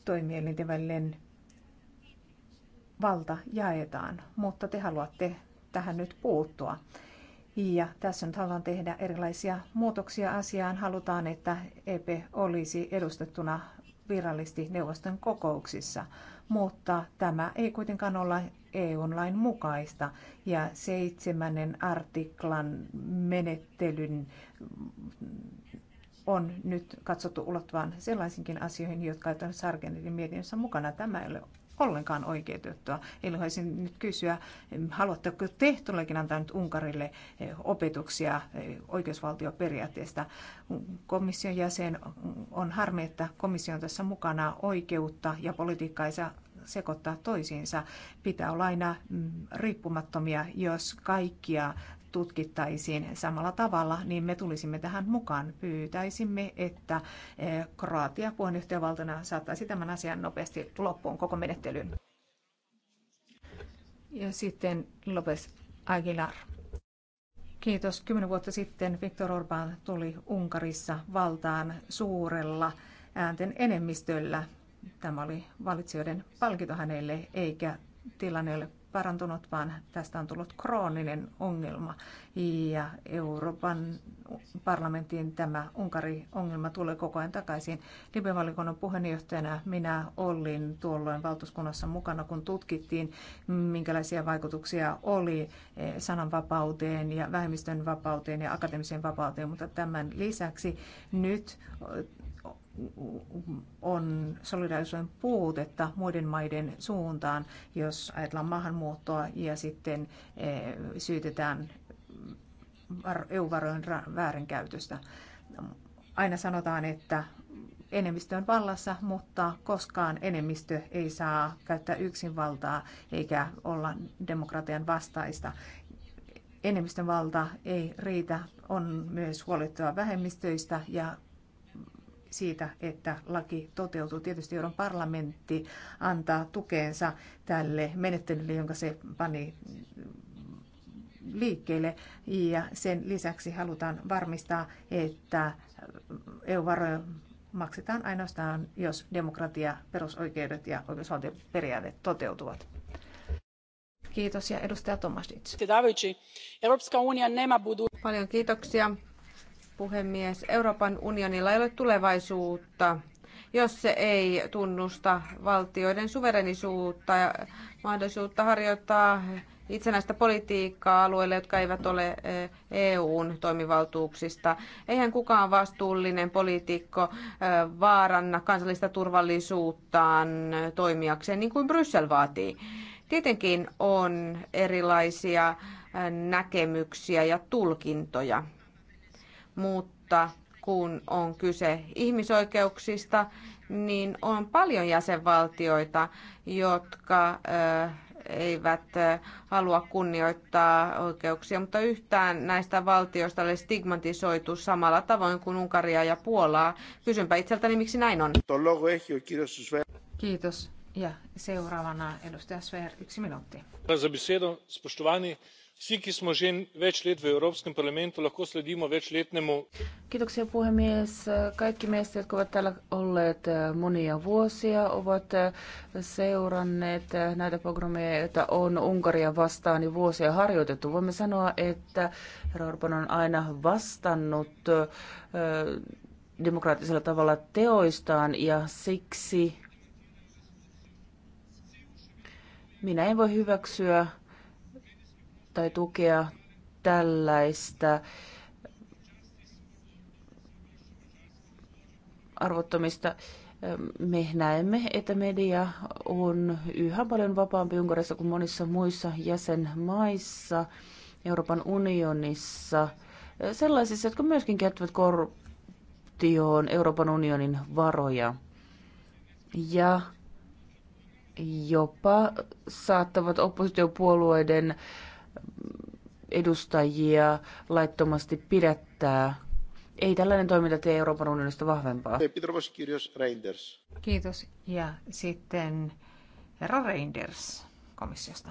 toimielinten välinen valta jaetaan, mutta te haluatte tähän nyt puuttua. Ja tässä nyt haluan tehdä erilaisia muutoksia asiaan. Halutaan, että EP olisi edustettuna virallisesti neuvoston kokouksissa, mutta tämä ei kuitenkaan olla EU-lain mukaista ja seitsemännen artiklan menettelyn on nyt katsottu ulottuvan sellaisinkin asioihin, jotka ovat Sargentin mietinnössä mukana. Tämä ei ole ollenkaan oikeutettua. Eli haluaisin nyt kysyä, haluatteko te tuollakin antaa nyt Unkarille eh, opetuksia eh, oikeusvaltioperiaatteesta? Komission jäsen on harmi, että komissio on tässä mukana oikeutta ja politiikkaa ei saa sekoittaa toisiinsa. Pitää olla aina mm, riippumattomia, jos kaikkia tutkittaisiin samalla tavalla, niin me tulisimme tähän mukaan. Pyytäisimme, että eh, Kroatia puheenjohtajavaltana saattaisi tämän asian nopeasti loppuun koko menettelyyn. Ja sitten Lopes Aguilar. Kiitos. Kymmenen vuotta sitten Viktor Orban tuli Unkarissa valtaan suurella äänten enemmistöllä. Tämä oli valitsijoiden palkinto hänelle, eikä tilanne ole parantunut, vaan tästä on tullut krooninen ongelma. Ja Euroopan parlamentin tämä Unkari-ongelma tulee koko ajan takaisin. Libevalikunnan puheenjohtajana minä olin tuolloin valtuuskunnassa mukana, kun tutkittiin, minkälaisia vaikutuksia oli eh, sananvapauteen ja vähemmistön vapauteen ja akateemiseen vapauteen, mutta tämän lisäksi nyt eh, on solidaarisuuden puutetta muiden maiden suuntaan, jos ajatellaan maahanmuuttoa ja sitten eh, syytetään EU-varojen väärinkäytöstä. Aina sanotaan, että enemmistö on vallassa, mutta koskaan enemmistö ei saa käyttää yksinvaltaa eikä olla demokratian vastaista. Enemmistön valta ei riitä, on myös huolittava vähemmistöistä ja siitä, että laki toteutuu. Tietysti Euroopan parlamentti antaa tukeensa tälle menettelylle, jonka se pani liikkeelle ja sen lisäksi halutaan varmistaa, että EU-varoja maksetaan ainoastaan, jos demokratia, perusoikeudet ja oikeusvaltioperiaate toteutuvat. Kiitos ja edustaja Tomasic. Paljon kiitoksia puhemies. Euroopan unionilla ei ole tulevaisuutta, jos se ei tunnusta valtioiden suverenisuutta ja mahdollisuutta harjoittaa itsenäistä politiikkaa alueille, jotka eivät ole eh, EUn toimivaltuuksista. Eihän kukaan vastuullinen poliitikko eh, vaaranna kansallista turvallisuuttaan toimijakseen, niin kuin Bryssel vaatii. Tietenkin on erilaisia eh, näkemyksiä ja tulkintoja mutta kun on kyse ihmisoikeuksista, niin on paljon jäsenvaltioita, jotka eivät halua kunnioittaa oikeuksia, mutta yhtään näistä valtioista ei stigmatisoitu samalla tavoin kuin Unkaria ja Puolaa. Kysynpä itseltäni, miksi näin on. Kiitos. Ja seuraavana edustaja Sver, yksi minuutti vsi ki smo že več let v euroopan parlamentu lahko sledimo večletnemu Kiitoksia puhemies. Kaikki meistä, jotka ovat täällä olleet eh, monia vuosia, ovat eh, seuranneet eh, näitä pogromeja, joita on Unkaria vastaan jo niin vuosia harjoitettu. Voimme sanoa, että herra Orban on aina vastannut demokraattisella tavalla teoistaan ja siksi minä en voi hyväksyä tai tukea tällaista arvottomista. Me näemme, että media on yhä paljon vapaampi Unkarissa kuin monissa muissa jäsenmaissa, Euroopan unionissa, sellaisissa, jotka myöskin käyttävät korruptioon Euroopan unionin varoja. Ja jopa saattavat oppositiopuolueiden edustajia laittomasti pidättää. Ei tällainen toiminta tee Euroopan unionista vahvempaa. Kiitos. Ja sitten herra Reinders komissiosta.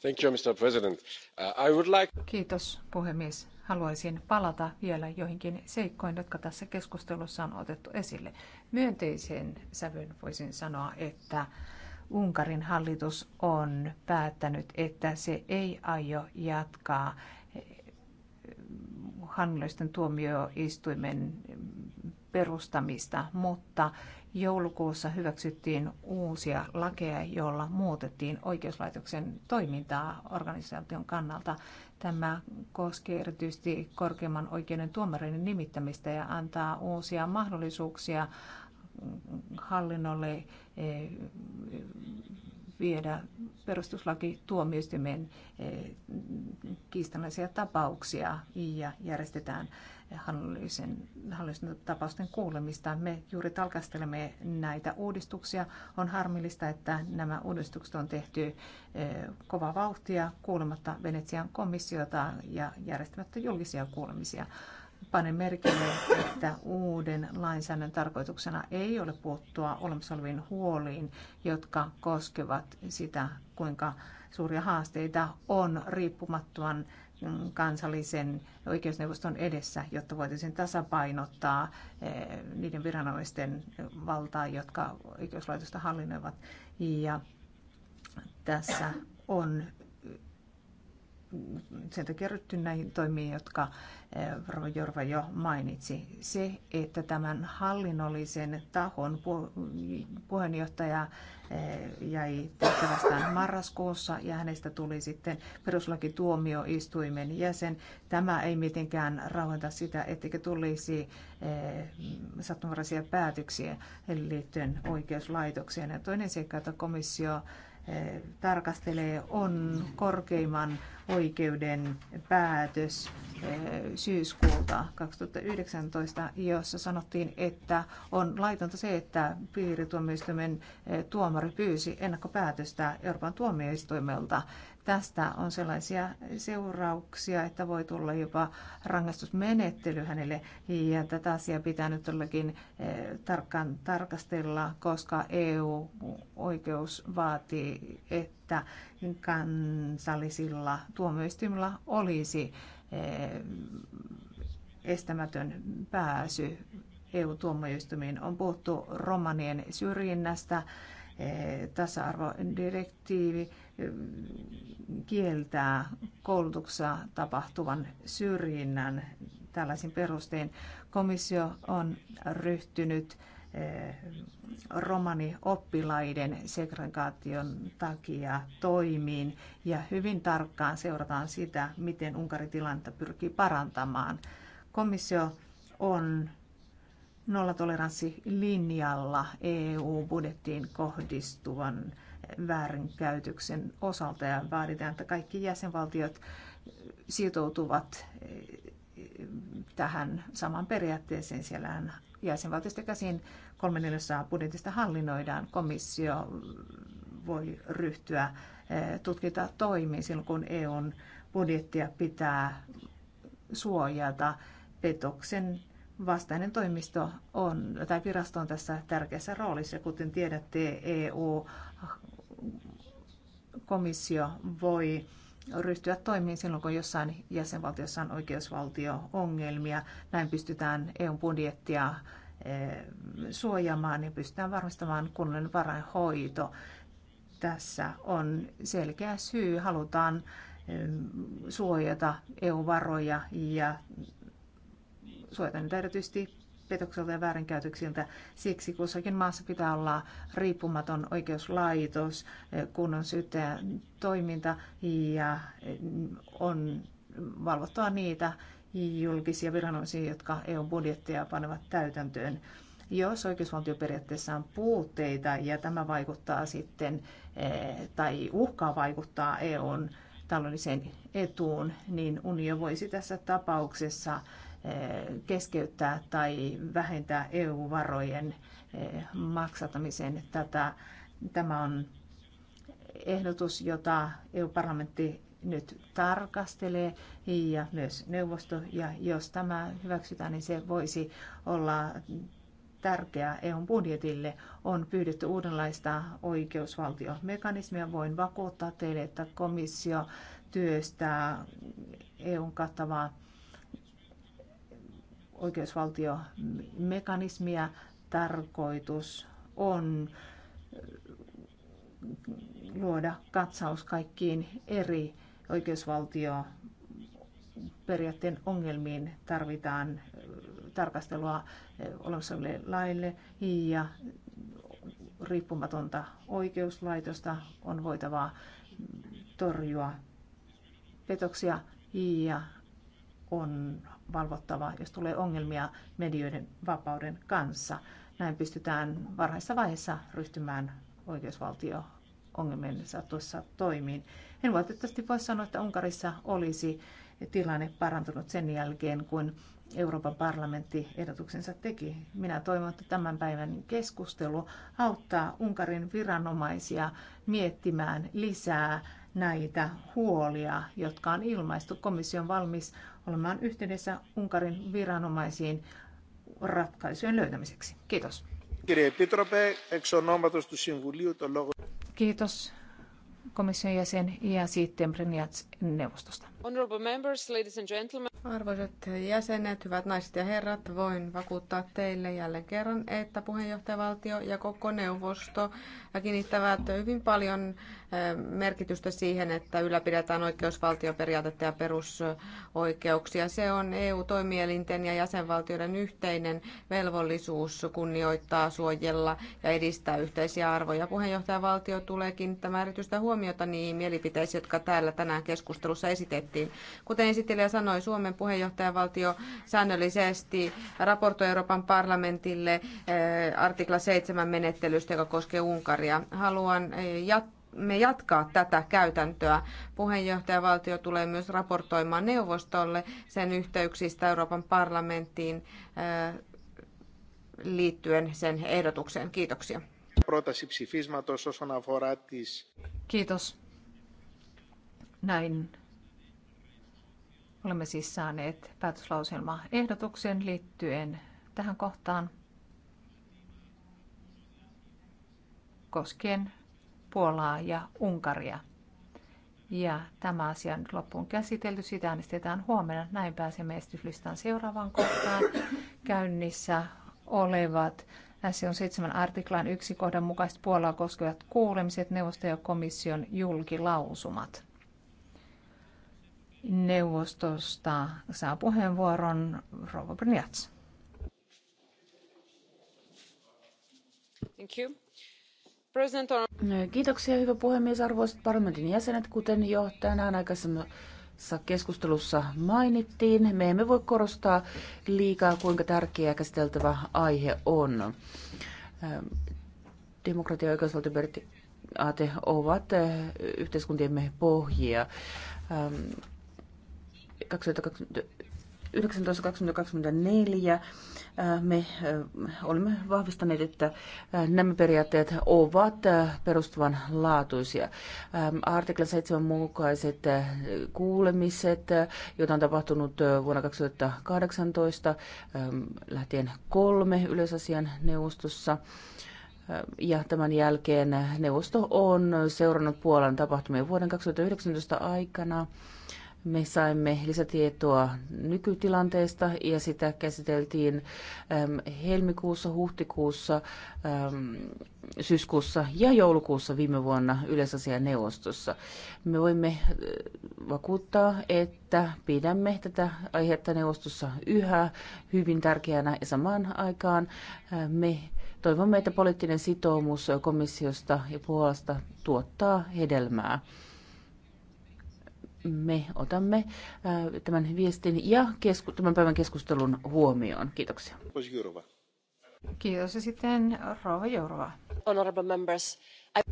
Thank you, Mr. President. Uh, I would like... Kiitos, puhemies. Haluaisin palata vielä joihinkin seikkoihin, jotka tässä keskustelussa on otettu esille. Myönteisen sävyn voisin sanoa, että Unkarin hallitus on päättänyt, että se ei aio jatkaa eh, hallinnollisten tuomioistuimen perustamista, mutta joulukuussa hyväksyttiin uusia lakeja, joilla muutettiin oikeuslaitoksen toimintaa organisaation kannalta. Tämä koskee erityisesti korkeimman oikeuden tuomareiden nimittämistä ja antaa uusia mahdollisuuksia hallinnolle eh, viedä perustuslaki tuomioistuimen eh, kiistanlaisia tapauksia ja järjestetään hallinnollisen, hallinnollisen tapausten kuulemista. Me juuri talkastelemme näitä uudistuksia. On harmillista, että nämä uudistukset on tehty eh, kova vauhtia kuulematta Venetsian komissiota ja järjestämättä julkisia kuulemisia pane merkille, että uuden lainsäädännön tarkoituksena ei ole puuttua olemassa oleviin huoliin, jotka koskevat sitä, kuinka suuria haasteita on riippumattoman kansallisen oikeusneuvoston edessä, jotta voitaisiin tasapainottaa eh, niiden viranomaisten valtaa, jotka oikeuslaitosta hallinnoivat. Ja tässä on sieltä kerrytty näihin toimiin, jotka eh, Rova Jorva jo mainitsi. Se, että tämän hallinnollisen tahon puheenjohtaja eh, jäi tehtävästään marraskuussa ja hänestä tuli sitten peruslakituomioistuimen jäsen. Tämä ei mitenkään rauhoita sitä, etteikö tulisi eh, sattumaraisia päätöksiä liittyen oikeuslaitokseen. Ja toinen seikka, että komissio tarkastelee, on korkeimman oikeuden päätös eh, syyskuulta 2019, jossa sanottiin, että on laitonta se, että piirituomioistuimen eh, tuomari pyysi ennakkopäätöstä Euroopan tuomioistuimelta Tästä on sellaisia seurauksia, että voi tulla jopa rangaistusmenettely hänelle. Ja tätä asiaa pitää nyt todellakin eh, tarkkaan tarkastella, koska EU-oikeus vaatii, että kansallisilla tuomioistuimilla olisi eh, estämätön pääsy EU-tuomioistumiin. On puhuttu romanien syrjinnästä, eh, tasa-arvodirektiivi kieltää koulutuksessa tapahtuvan syrjinnän tällaisin perustein. Komissio on ryhtynyt eh, romanioppilaiden segregaation takia toimiin ja hyvin tarkkaan seurataan sitä, miten Unkarin tilannetta pyrkii parantamaan. Komissio on nollatoleranssilinjalla EU-budjettiin kohdistuvan väärinkäytöksen osalta ja vaaditaan, että kaikki jäsenvaltiot sitoutuvat eh, tähän saman periaatteeseen. Siellähän jäsenvaltiosta käsin kolme neljäsosaa budjetista hallinnoidaan. Komissio voi ryhtyä eh, tutkita toimiin silloin, kun EUn budjettia pitää suojata. Petoksen vastainen toimisto on, tai virasto on tässä tärkeässä roolissa. Kuten tiedätte, EU komissio voi ryhtyä toimiin silloin, kun jossain jäsenvaltiossa on oikeusvaltio-ongelmia. Näin pystytään eu budjettia eh, suojaamaan ja pystytään varmistamaan kunnon varainhoito. Tässä on selkeä syy, halutaan eh, suojata EU-varoja ja suojata niitä erityisesti petokselta ja väärinkäytöksiltä. Siksi kussakin maassa pitää olla riippumaton oikeuslaitos, eh, kunnon syyttäjän toiminta ja eh, on valvottua niitä julkisia viranomaisia, jotka EU-budjettia panevat täytäntöön. Jos oikeusvaltioperiaatteessa on puutteita ja tämä vaikuttaa sitten eh, tai uhkaa vaikuttaa EUn taloudelliseen etuun, niin unio voisi tässä tapauksessa Eh, keskeyttää tai vähentää EU-varojen eh, maksatamisen. Tätä, tämä on ehdotus, jota EU-parlamentti nyt tarkastelee ja myös neuvosto. Ja jos tämä hyväksytään, niin se voisi olla tärkeää EUn budjetille. On pyydetty uudenlaista oikeusvaltiomekanismia. Voin vakuuttaa teille, että komissio työstää EUn kattavaa oikeusvaltiomekanismia tarkoitus on luoda katsaus kaikkiin eri oikeusvaltio periaatteen ongelmiin tarvitaan tarkastelua olemassa oleville laille ja riippumatonta oikeuslaitosta on voitava torjua petoksia ja on valvottava, jos tulee ongelmia medioiden vapauden kanssa. Näin pystytään varhaisessa vaiheessa ryhtymään oikeusvaltio ongelmien sattuessa toimiin. En valitettavasti voi sanoa, että Unkarissa olisi tilanne parantunut sen jälkeen, kun Euroopan parlamentti ehdotuksensa teki. Minä toivon, että tämän päivän keskustelu auttaa Unkarin viranomaisia miettimään lisää näitä huolia, jotka on ilmaistu. komission valmis olemaan yhteydessä Unkarin viranomaisiin ratkaisujen löytämiseksi. Kiitos. Kiitos komission jäsen ja sitten Breniats neuvostosta. Arvoisat jäsenet, hyvät naiset ja herrat, voin vakuuttaa teille jälleen kerran, että puheenjohtajavaltio ja koko neuvosto kiinnittävät hyvin paljon eh, merkitystä siihen, että ylläpidetään oikeusvaltioperiaatetta ja perusoikeuksia. Se on EU-toimielinten ja jäsenvaltioiden yhteinen velvollisuus kunnioittaa, suojella ja edistää yhteisiä arvoja. Puheenjohtajavaltio tulee kiinnittämään erityistä huomiota niihin mielipiteisiin, jotka täällä tänään keskustelussa esitettiin. Kuten esittelijä sanoi, Suomen sitten puheenjohtajavaltio säännöllisesti raportoi Euroopan parlamentille eh, artikla 7 menettelystä, joka koskee Unkaria. Haluan eh, jat- me jatkaa tätä käytäntöä. Puheenjohtajavaltio tulee myös raportoimaan neuvostolle sen yhteyksistä Euroopan parlamenttiin eh, liittyen sen ehdotukseen. Kiitoksia. Kiitos. Näin Olemme siis saaneet ehdotuksen liittyen tähän kohtaan koskien Puolaa ja Unkaria. Ja tämä asia on nyt loppuun käsitelty. Sitä äänestetään huomenna. Näin pääsemme esityslistaan seuraavaan kohtaan. Käynnissä olevat on seitsemän artiklan yksi kohdan mukaiset Puolaa koskevat kuulemiset, neuvosto ja komission julkilausumat neuvostosta saa puheenvuoron Rouva Brniats. Kiitoksia, hyvä puhemies, arvoisat parlamentin jäsenet. Kuten jo tänään aikaisemmassa keskustelussa mainittiin, me emme voi korostaa liikaa, kuinka tärkeä käsiteltävä aihe on. Ähm, demokratia- ja oikeusvaltioperiaate ovat äh, yhteiskuntiemme pohjia. Ähm, 2019-2024 äh, me äh, olemme vahvistaneet, että äh, nämä periaatteet ovat perustuvan laatuisia. Ähm, artikla 7 mukaiset kuulemiset, joita on tapahtunut vuonna 2018 ähm, lähtien kolme yleisasian neuvostossa, ja tämän jälkeen neuvosto on seurannut Puolan tapahtumia vuoden 2019 aikana. Me saimme lisätietoa nykytilanteesta ja sitä käsiteltiin ähm, helmikuussa, huhtikuussa, ähm, syyskuussa ja joulukuussa viime vuonna yleisasian neuvostossa. Me voimme äh, vakuuttaa, että pidämme tätä aihetta neuvostossa yhä hyvin tärkeänä ja samaan aikaan äh, me toivomme, että poliittinen sitoumus komissiosta ja Puolasta tuottaa hedelmää me otamme äh, tämän viestin ja kesku- tämän päivän keskustelun huomioon. Kiitoksia. Kiitos ja sitten Rova Jourova. members.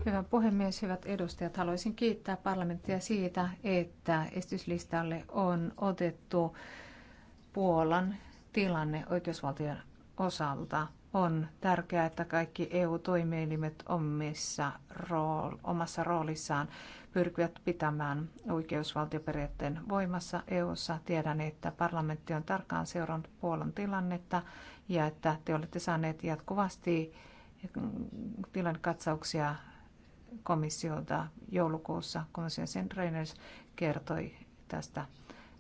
Hyvä puhemies, hyvät edustajat. Haluaisin kiittää parlamenttia siitä, että esityslistalle on otettu Puolan tilanne oikeusvaltion osalta on tärkeää, että kaikki EU-toimielimet omissa rool, omassa roolissaan pyrkivät pitämään oikeusvaltioperiaatteen voimassa EU:ssa. Tiedän, että parlamentti on tarkkaan seurannut Puolan tilannetta ja että te olette saaneet jatkuvasti tilannekatsauksia komissiolta joulukuussa. Komission sen kertoi tästä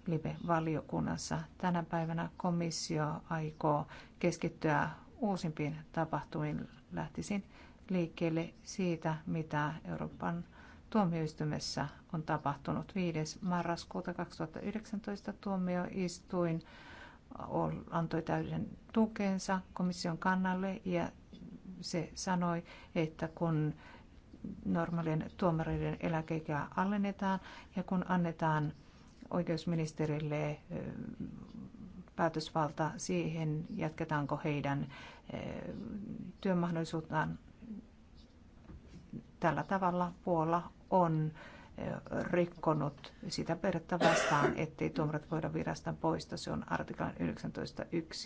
LIBE-valiokunnassa. Tänä päivänä komissio aikoo keskittyä uusimpiin tapahtumiin. Lähtisin liikkeelle siitä, mitä Euroopan tuomioistuimessa on tapahtunut 5. marraskuuta 2019 tuomioistuin antoi täyden tukensa komission kannalle ja se sanoi, että kun normaalien tuomareiden eläkeikää alennetaan ja kun annetaan oikeusministerille päätösvalta siihen, jatketaanko heidän eh, työmahdollisuuttaan tällä tavalla Puola on eh, rikkonut sitä perhettä vastaan, ettei tuomarit voida virastan poistaa. Se on artiklan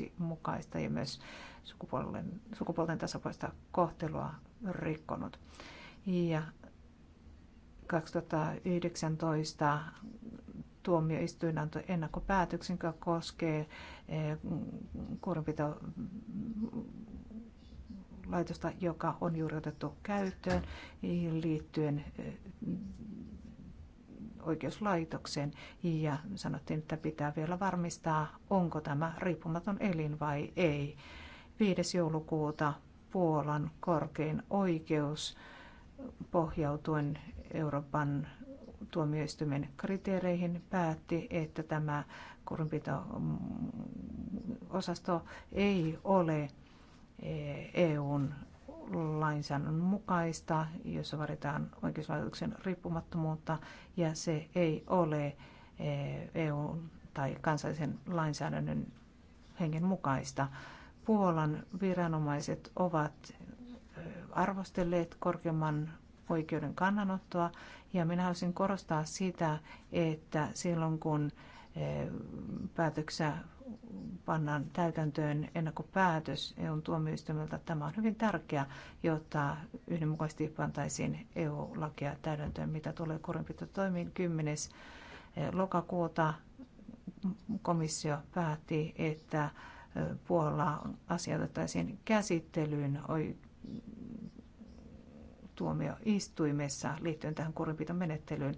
19.1 mukaista ja myös sukupuolten, sukupuolten tasapuolista kohtelua rikkonut. Ja 2019 tuomioistuin antoi ennakkopäätöksen, joka koskee eh, laitosta, joka on juuri otettu käyttöön eh, liittyen eh, oikeuslaitoksen ja sanottiin, että pitää vielä varmistaa, onko tämä riippumaton elin vai ei. 5. joulukuuta Puolan korkein oikeus pohjautuen Euroopan tuomioistuimen kriteereihin päätti, että tämä kurinpito-osasto mm, ei ole EUn e lainsäädännön mukaista, jossa varitaan oikeuslaitoksen riippumattomuutta, ja se ei ole EU- e tai kansallisen lainsäädännön hengen mukaista. Puolan viranomaiset ovat e, arvostelleet korkeimman oikeuden kannanottoa. Ja minä haluaisin korostaa sitä, että silloin kun eh, päätöksä pannaan täytäntöön ennakkopäätös EUn tuomioistuimelta. Tämä on hyvin tärkeää, jotta yhdenmukaisesti pantaisiin EU-lakia täytäntöön, mitä tulee toimiin 10. Eh, lokakuuta komissio päätti, että eh, Puolaa asia otettaisiin käsittelyyn tuomioistuimessa liittyen tähän kurinpiton menettelyyn,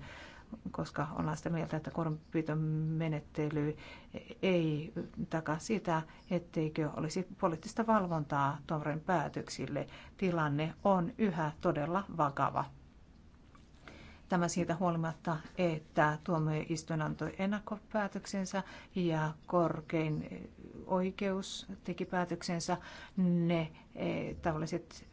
koska ollaan sitä mieltä, että kurinpiton menettely ei takaa sitä, etteikö olisi poliittista valvontaa tuomarin päätöksille. Tilanne on yhä todella vakava. Tämä siitä huolimatta, että tuomioistuin antoi ennakkopäätöksensä ja korkein oikeus teki päätöksensä. Ne eh, tavalliset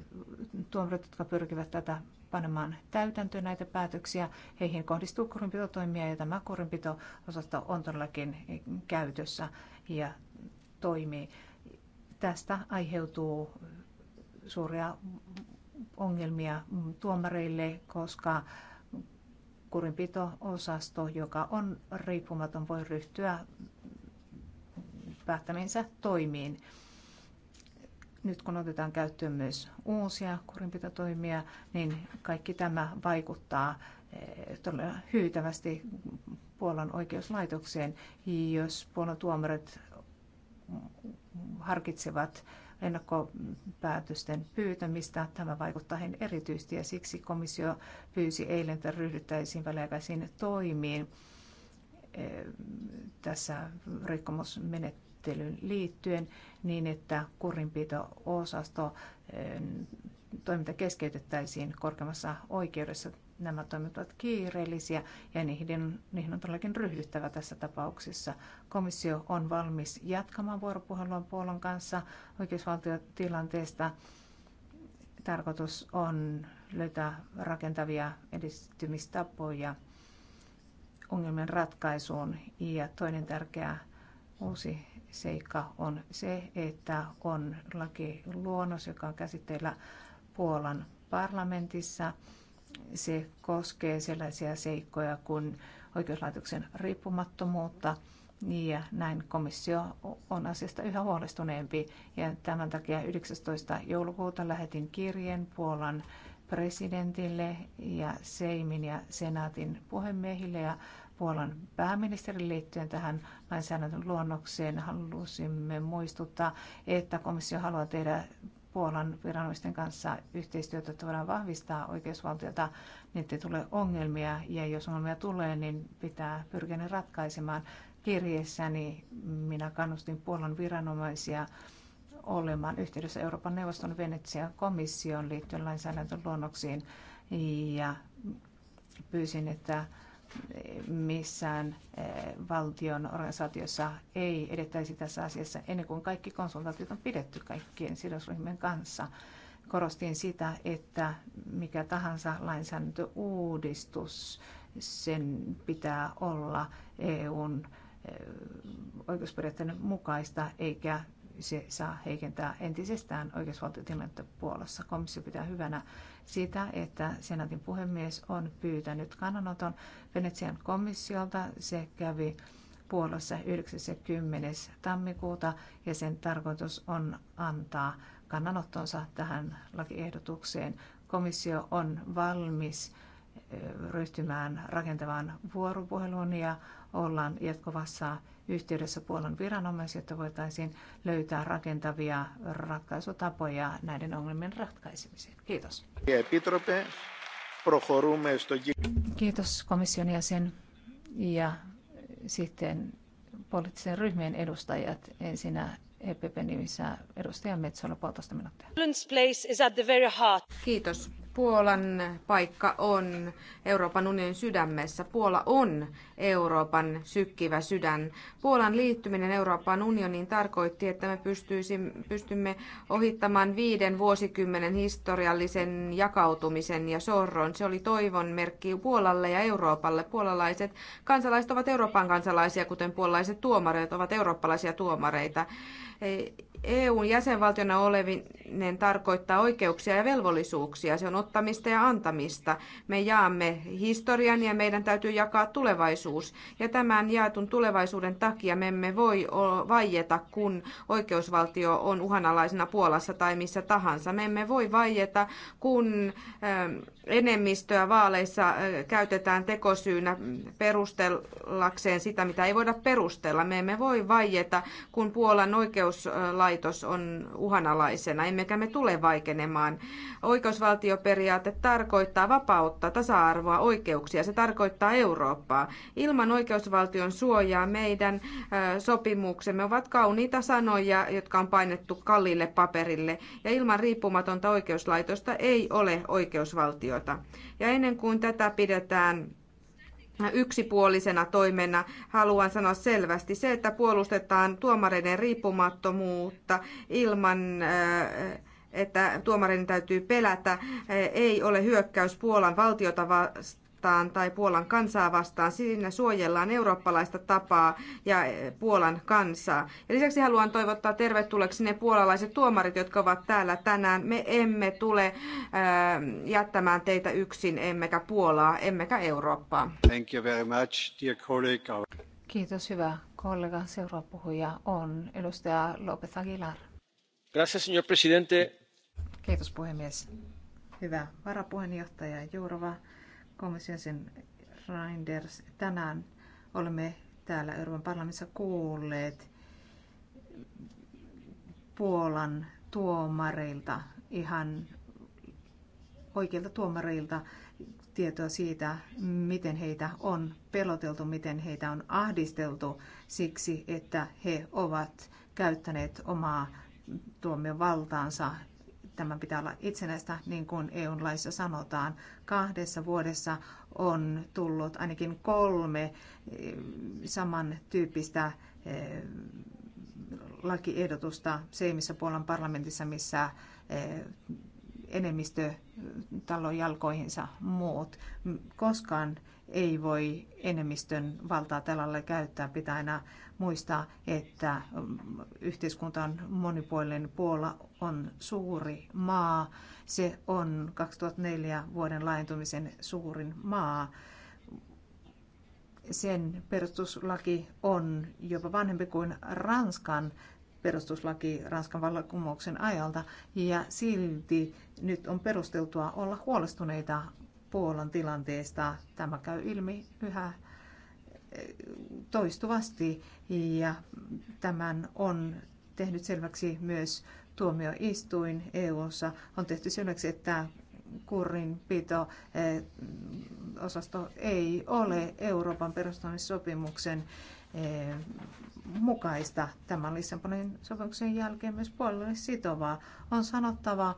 tuomarit, jotka pyrkivät tätä panemaan täytäntöön näitä päätöksiä. Heihin kohdistuu kurinpitotoimia ja tämä kurinpito-osasto on todellakin käytössä ja toimii. Tästä aiheutuu suuria ongelmia tuomareille, koska kurinpito-osasto, joka on riippumaton, voi ryhtyä päättämiinsä toimiin nyt kun otetaan käyttöön myös uusia kurinpitotoimia, niin kaikki tämä vaikuttaa eh, todella hyytävästi Puolan oikeuslaitokseen, jos Puolan tuomarit harkitsevat ennakkopäätösten pyytämistä. Tämä vaikuttaa heihin erityisesti ja siksi komissio pyysi eilen, että ryhdyttäisiin väliaikaisiin toimiin eh, tässä rikkomusmenettelyssä käsittelyyn liittyen niin, että kurinpito-osasto toiminta keskeytettäisiin korkeammassa oikeudessa. Nämä toimet ovat kiireellisiä ja niihin, niihin on todellakin ryhdyttävä tässä tapauksessa. Komissio on valmis jatkamaan vuoropuhelua Puolan kanssa oikeusvaltiotilanteesta. Tarkoitus on löytää rakentavia edistymistapoja ongelmien ratkaisuun. Ja toinen tärkeä uusi seikka on se, että on lakiluonnos, joka on käsitteillä Puolan parlamentissa. Se koskee sellaisia seikkoja kuin oikeuslaitoksen riippumattomuutta, ja näin komissio on asiasta yhä huolestuneempi. Ja tämän takia 19. joulukuuta lähetin kirjeen Puolan presidentille ja Seimin ja senaatin puhemiehille ja Puolan pääministerin liittyen tähän lainsäädännön luonnokseen. Halusimme muistuttaa, että komissio haluaa tehdä Puolan viranomaisten kanssa yhteistyötä, että voidaan vahvistaa oikeusvaltiota, niin ettei tule ongelmia. Ja jos ongelmia tulee, niin pitää pyrkiä ne ratkaisemaan. Kirjeessäni minä kannustin Puolan viranomaisia olemaan yhteydessä Euroopan neuvoston Venetsian komission liittyen lainsäädäntöluonnoksiin ja pyysin, että missään eh, valtion organisaatiossa ei edettäisi tässä asiassa ennen kuin kaikki konsultaatiot on pidetty kaikkien sidosryhmien kanssa. Korostin sitä, että mikä tahansa lainsäädäntöuudistus, sen pitää olla EUn eh, oikeusperiaatteiden mukaista eikä se saa heikentää entisestään oikeusvaltiotilannetta Puolassa. Komissio pitää hyvänä sitä, että senaatin puhemies on pyytänyt kannanoton Venetsian komissiolta. Se kävi Puolassa 9. tammikuuta ja sen tarkoitus on antaa kannanottonsa tähän lakiehdotukseen. Komissio on valmis eh, ryhtymään rakentavaan vuoropuheluun ja ollaan jatkuvassa yhteydessä Puolan viranomaisia, jotta voitaisiin löytää rakentavia ratkaisutapoja näiden ongelmien ratkaisemiseen. Kiitos. Kiitos komission jäsen ja sitten poliittisen ryhmien edustajat. Ensinnä EPP nimissä edustaja Metsola puolitoista minuuttia. Kiitos Puolan paikka on Euroopan unionin sydämessä. Puola on Euroopan sykkivä sydän. Puolan liittyminen Euroopan unioniin tarkoitti, että me pystymme ohittamaan viiden vuosikymmenen historiallisen jakautumisen ja sorron. Se oli toivon merkki Puolalle ja Euroopalle. Puolalaiset kansalaiset ovat Euroopan kansalaisia, kuten puolalaiset tuomareet ovat eurooppalaisia tuomareita. EUn jäsenvaltiona olevinen tarkoittaa oikeuksia ja velvollisuuksia. Se on ottamista ja antamista. Me jaamme historian ja meidän täytyy jakaa tulevaisuus. Ja tämän jaetun tulevaisuuden takia me emme voi vaieta, kun oikeusvaltio on uhanalaisena Puolassa tai missä tahansa. Me emme voi vaieta, kun ähm, enemmistöä vaaleissa äh, käytetään tekosyynä perustellakseen sitä, mitä ei voida perustella. Me emme voi vaieta, kun Puolan oikeuslaitos laitos on uhanalaisena, emmekä me tule vaikenemaan. Oikeusvaltioperiaate tarkoittaa vapautta, tasa-arvoa, oikeuksia. Se tarkoittaa Eurooppaa. Ilman oikeusvaltion suojaa meidän sopimuksemme ovat kauniita sanoja, jotka on painettu kalliille paperille. Ja ilman riippumatonta oikeuslaitosta ei ole oikeusvaltiota. Ja ennen kuin tätä pidetään yksipuolisena toimena haluan sanoa selvästi. Se, että puolustetaan tuomareiden riippumattomuutta ilman äh, että tuomareiden täytyy pelätä, äh, ei ole hyökkäys Puolan valtiota vastaan vastaan tai Puolan kansaa vastaan. Siinä suojellaan eurooppalaista tapaa ja eh, Puolan kansaa. Ja lisäksi haluan toivottaa tervetulleeksi ne puolalaiset tuomarit, jotka ovat täällä tänään. Me emme tule jättämään teitä yksin, emmekä Puolaa, emmekä Eurooppaa. Thank you very much, dear colleague. Kiitos, hyvä kollega. Seuraava puhuja on edustaja López Aguilar. Gracias, señor presidente. Kiitos puhemies. Hyvä varapuheenjohtaja Jurva komission Reinders. Tänään olemme täällä Euroopan parlamentissa kuulleet Puolan tuomareilta, ihan oikeilta tuomareilta tietoa siitä, miten heitä on peloteltu, miten heitä on ahdisteltu siksi, että he ovat käyttäneet omaa tuomiovaltaansa Tämän pitää olla itsenäistä, niin kuin eu laissa sanotaan. Kahdessa vuodessa on tullut ainakin kolme eh, samantyyppistä eh, lakiehdotusta Seimissä Puolan parlamentissa, missä eh, enemmistö talon jalkoihinsa muut. Koskaan ei voi enemmistön valtaa tällä käyttää. Pitää aina muistaa, että mm, yhteiskunta on monipuolinen. Puola on suuri maa. Se on 2004 vuoden laajentumisen suurin maa. Sen perustuslaki on jopa vanhempi kuin Ranskan perustuslaki Ranskan vallankumouksen ajalta, ja silti nyt on perusteltua olla huolestuneita Puolan tilanteesta. Tämä käy ilmi yhä eh, toistuvasti ja tämän on tehnyt selväksi myös tuomioistuin EU:ssa. On tehty selväksi, että kurinpito eh, osasto ei ole Euroopan perustamissopimuksen eh, mukaista. Tämän Lissabonin sopimuksen jälkeen myös puolelle sitovaa. On sanottava,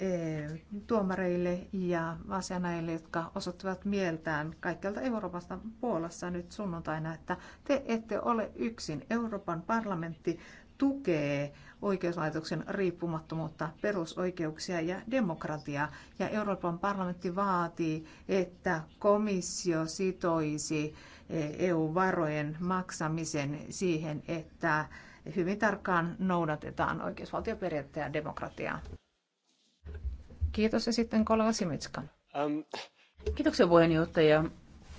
Eh, tuomareille ja asianajille, jotka osoittivat mieltään kaikkialta Euroopasta Puolassa nyt sunnuntaina, että te ette ole yksin. Euroopan parlamentti tukee oikeuslaitoksen riippumattomuutta, perusoikeuksia ja demokratiaa. Ja Euroopan parlamentti vaatii, että komissio sitoisi eh, EU-varojen maksamisen siihen, että hyvin tarkkaan noudatetaan oikeusvaltioperiaatteja ja demokratiaa. Kiitos ja sitten kollega Simitska. Um. Kiitoksia puheenjohtaja.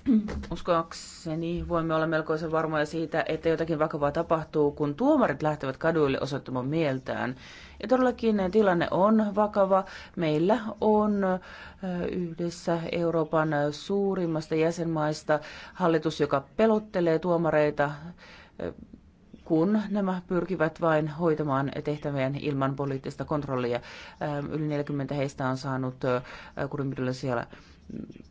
Uskoakseni voimme olla melkoisen varmoja siitä, että jotakin vakavaa tapahtuu, kun tuomarit lähtevät kaduille osoittamaan mieltään. Ja todellakin tilanne on vakava. Meillä on äh, yhdessä Euroopan suurimmasta jäsenmaista hallitus, joka pelottelee tuomareita äh, kun nämä pyrkivät vain hoitamaan tehtävien ilman poliittista kontrollia. Ähm, yli 40 heistä on saanut äh, siellä mm,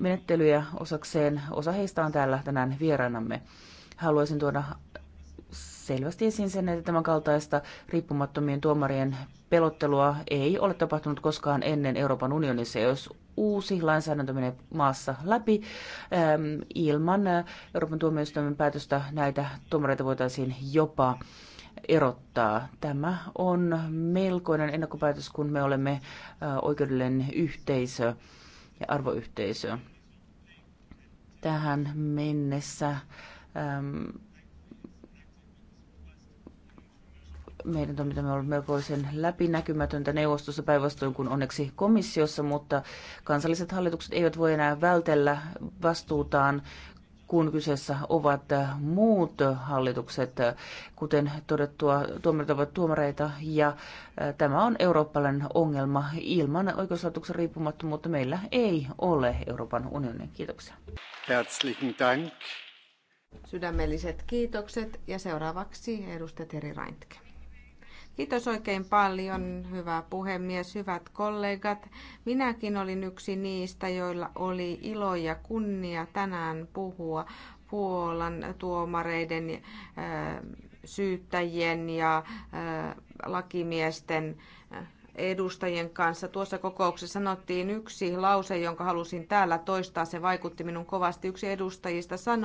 menettelyjä osakseen. Osa heistä on täällä tänään vierainamme. Haluaisin tuoda selvästi esiin sen, että tämän kaltaista riippumattomien tuomarien pelottelua ei ole tapahtunut koskaan ennen Euroopan unionissa. Jos uusi lainsäädäntö menee maassa läpi. Ähm, ilman Euroopan tuomioistuimen päätöstä näitä tuomareita voitaisiin jopa erottaa. Tämä on melkoinen ennakkopäätös, kun me olemme äh, oikeudellinen yhteisö ja arvoyhteisö. Tähän mennessä ähm, meidän toimintamme on ollut melkoisen läpinäkymätöntä neuvostossa päinvastoin kuin onneksi komissiossa, mutta kansalliset hallitukset eivät voi enää vältellä vastuutaan kun kyseessä ovat muut hallitukset, kuten todettua, tuomarit ovat tuomareita, ja tämä on eurooppalainen ongelma. Ilman oikeuslaitoksen riippumattomuutta meillä ei ole Euroopan unionin. Kiitoksia. Herzlichen Dank. Sydämelliset kiitokset, ja seuraavaksi edustaja Teri Reintke. Kiitos oikein paljon, hyvä puhemies, hyvät kollegat. Minäkin olin yksi niistä, joilla oli ilo ja kunnia tänään puhua Puolan tuomareiden, äh, syyttäjien ja äh, lakimiesten äh, edustajien kanssa. Tuossa kokouksessa sanottiin yksi lause, jonka halusin täällä toistaa. Se vaikutti minun kovasti. Yksi edustajista sanoi,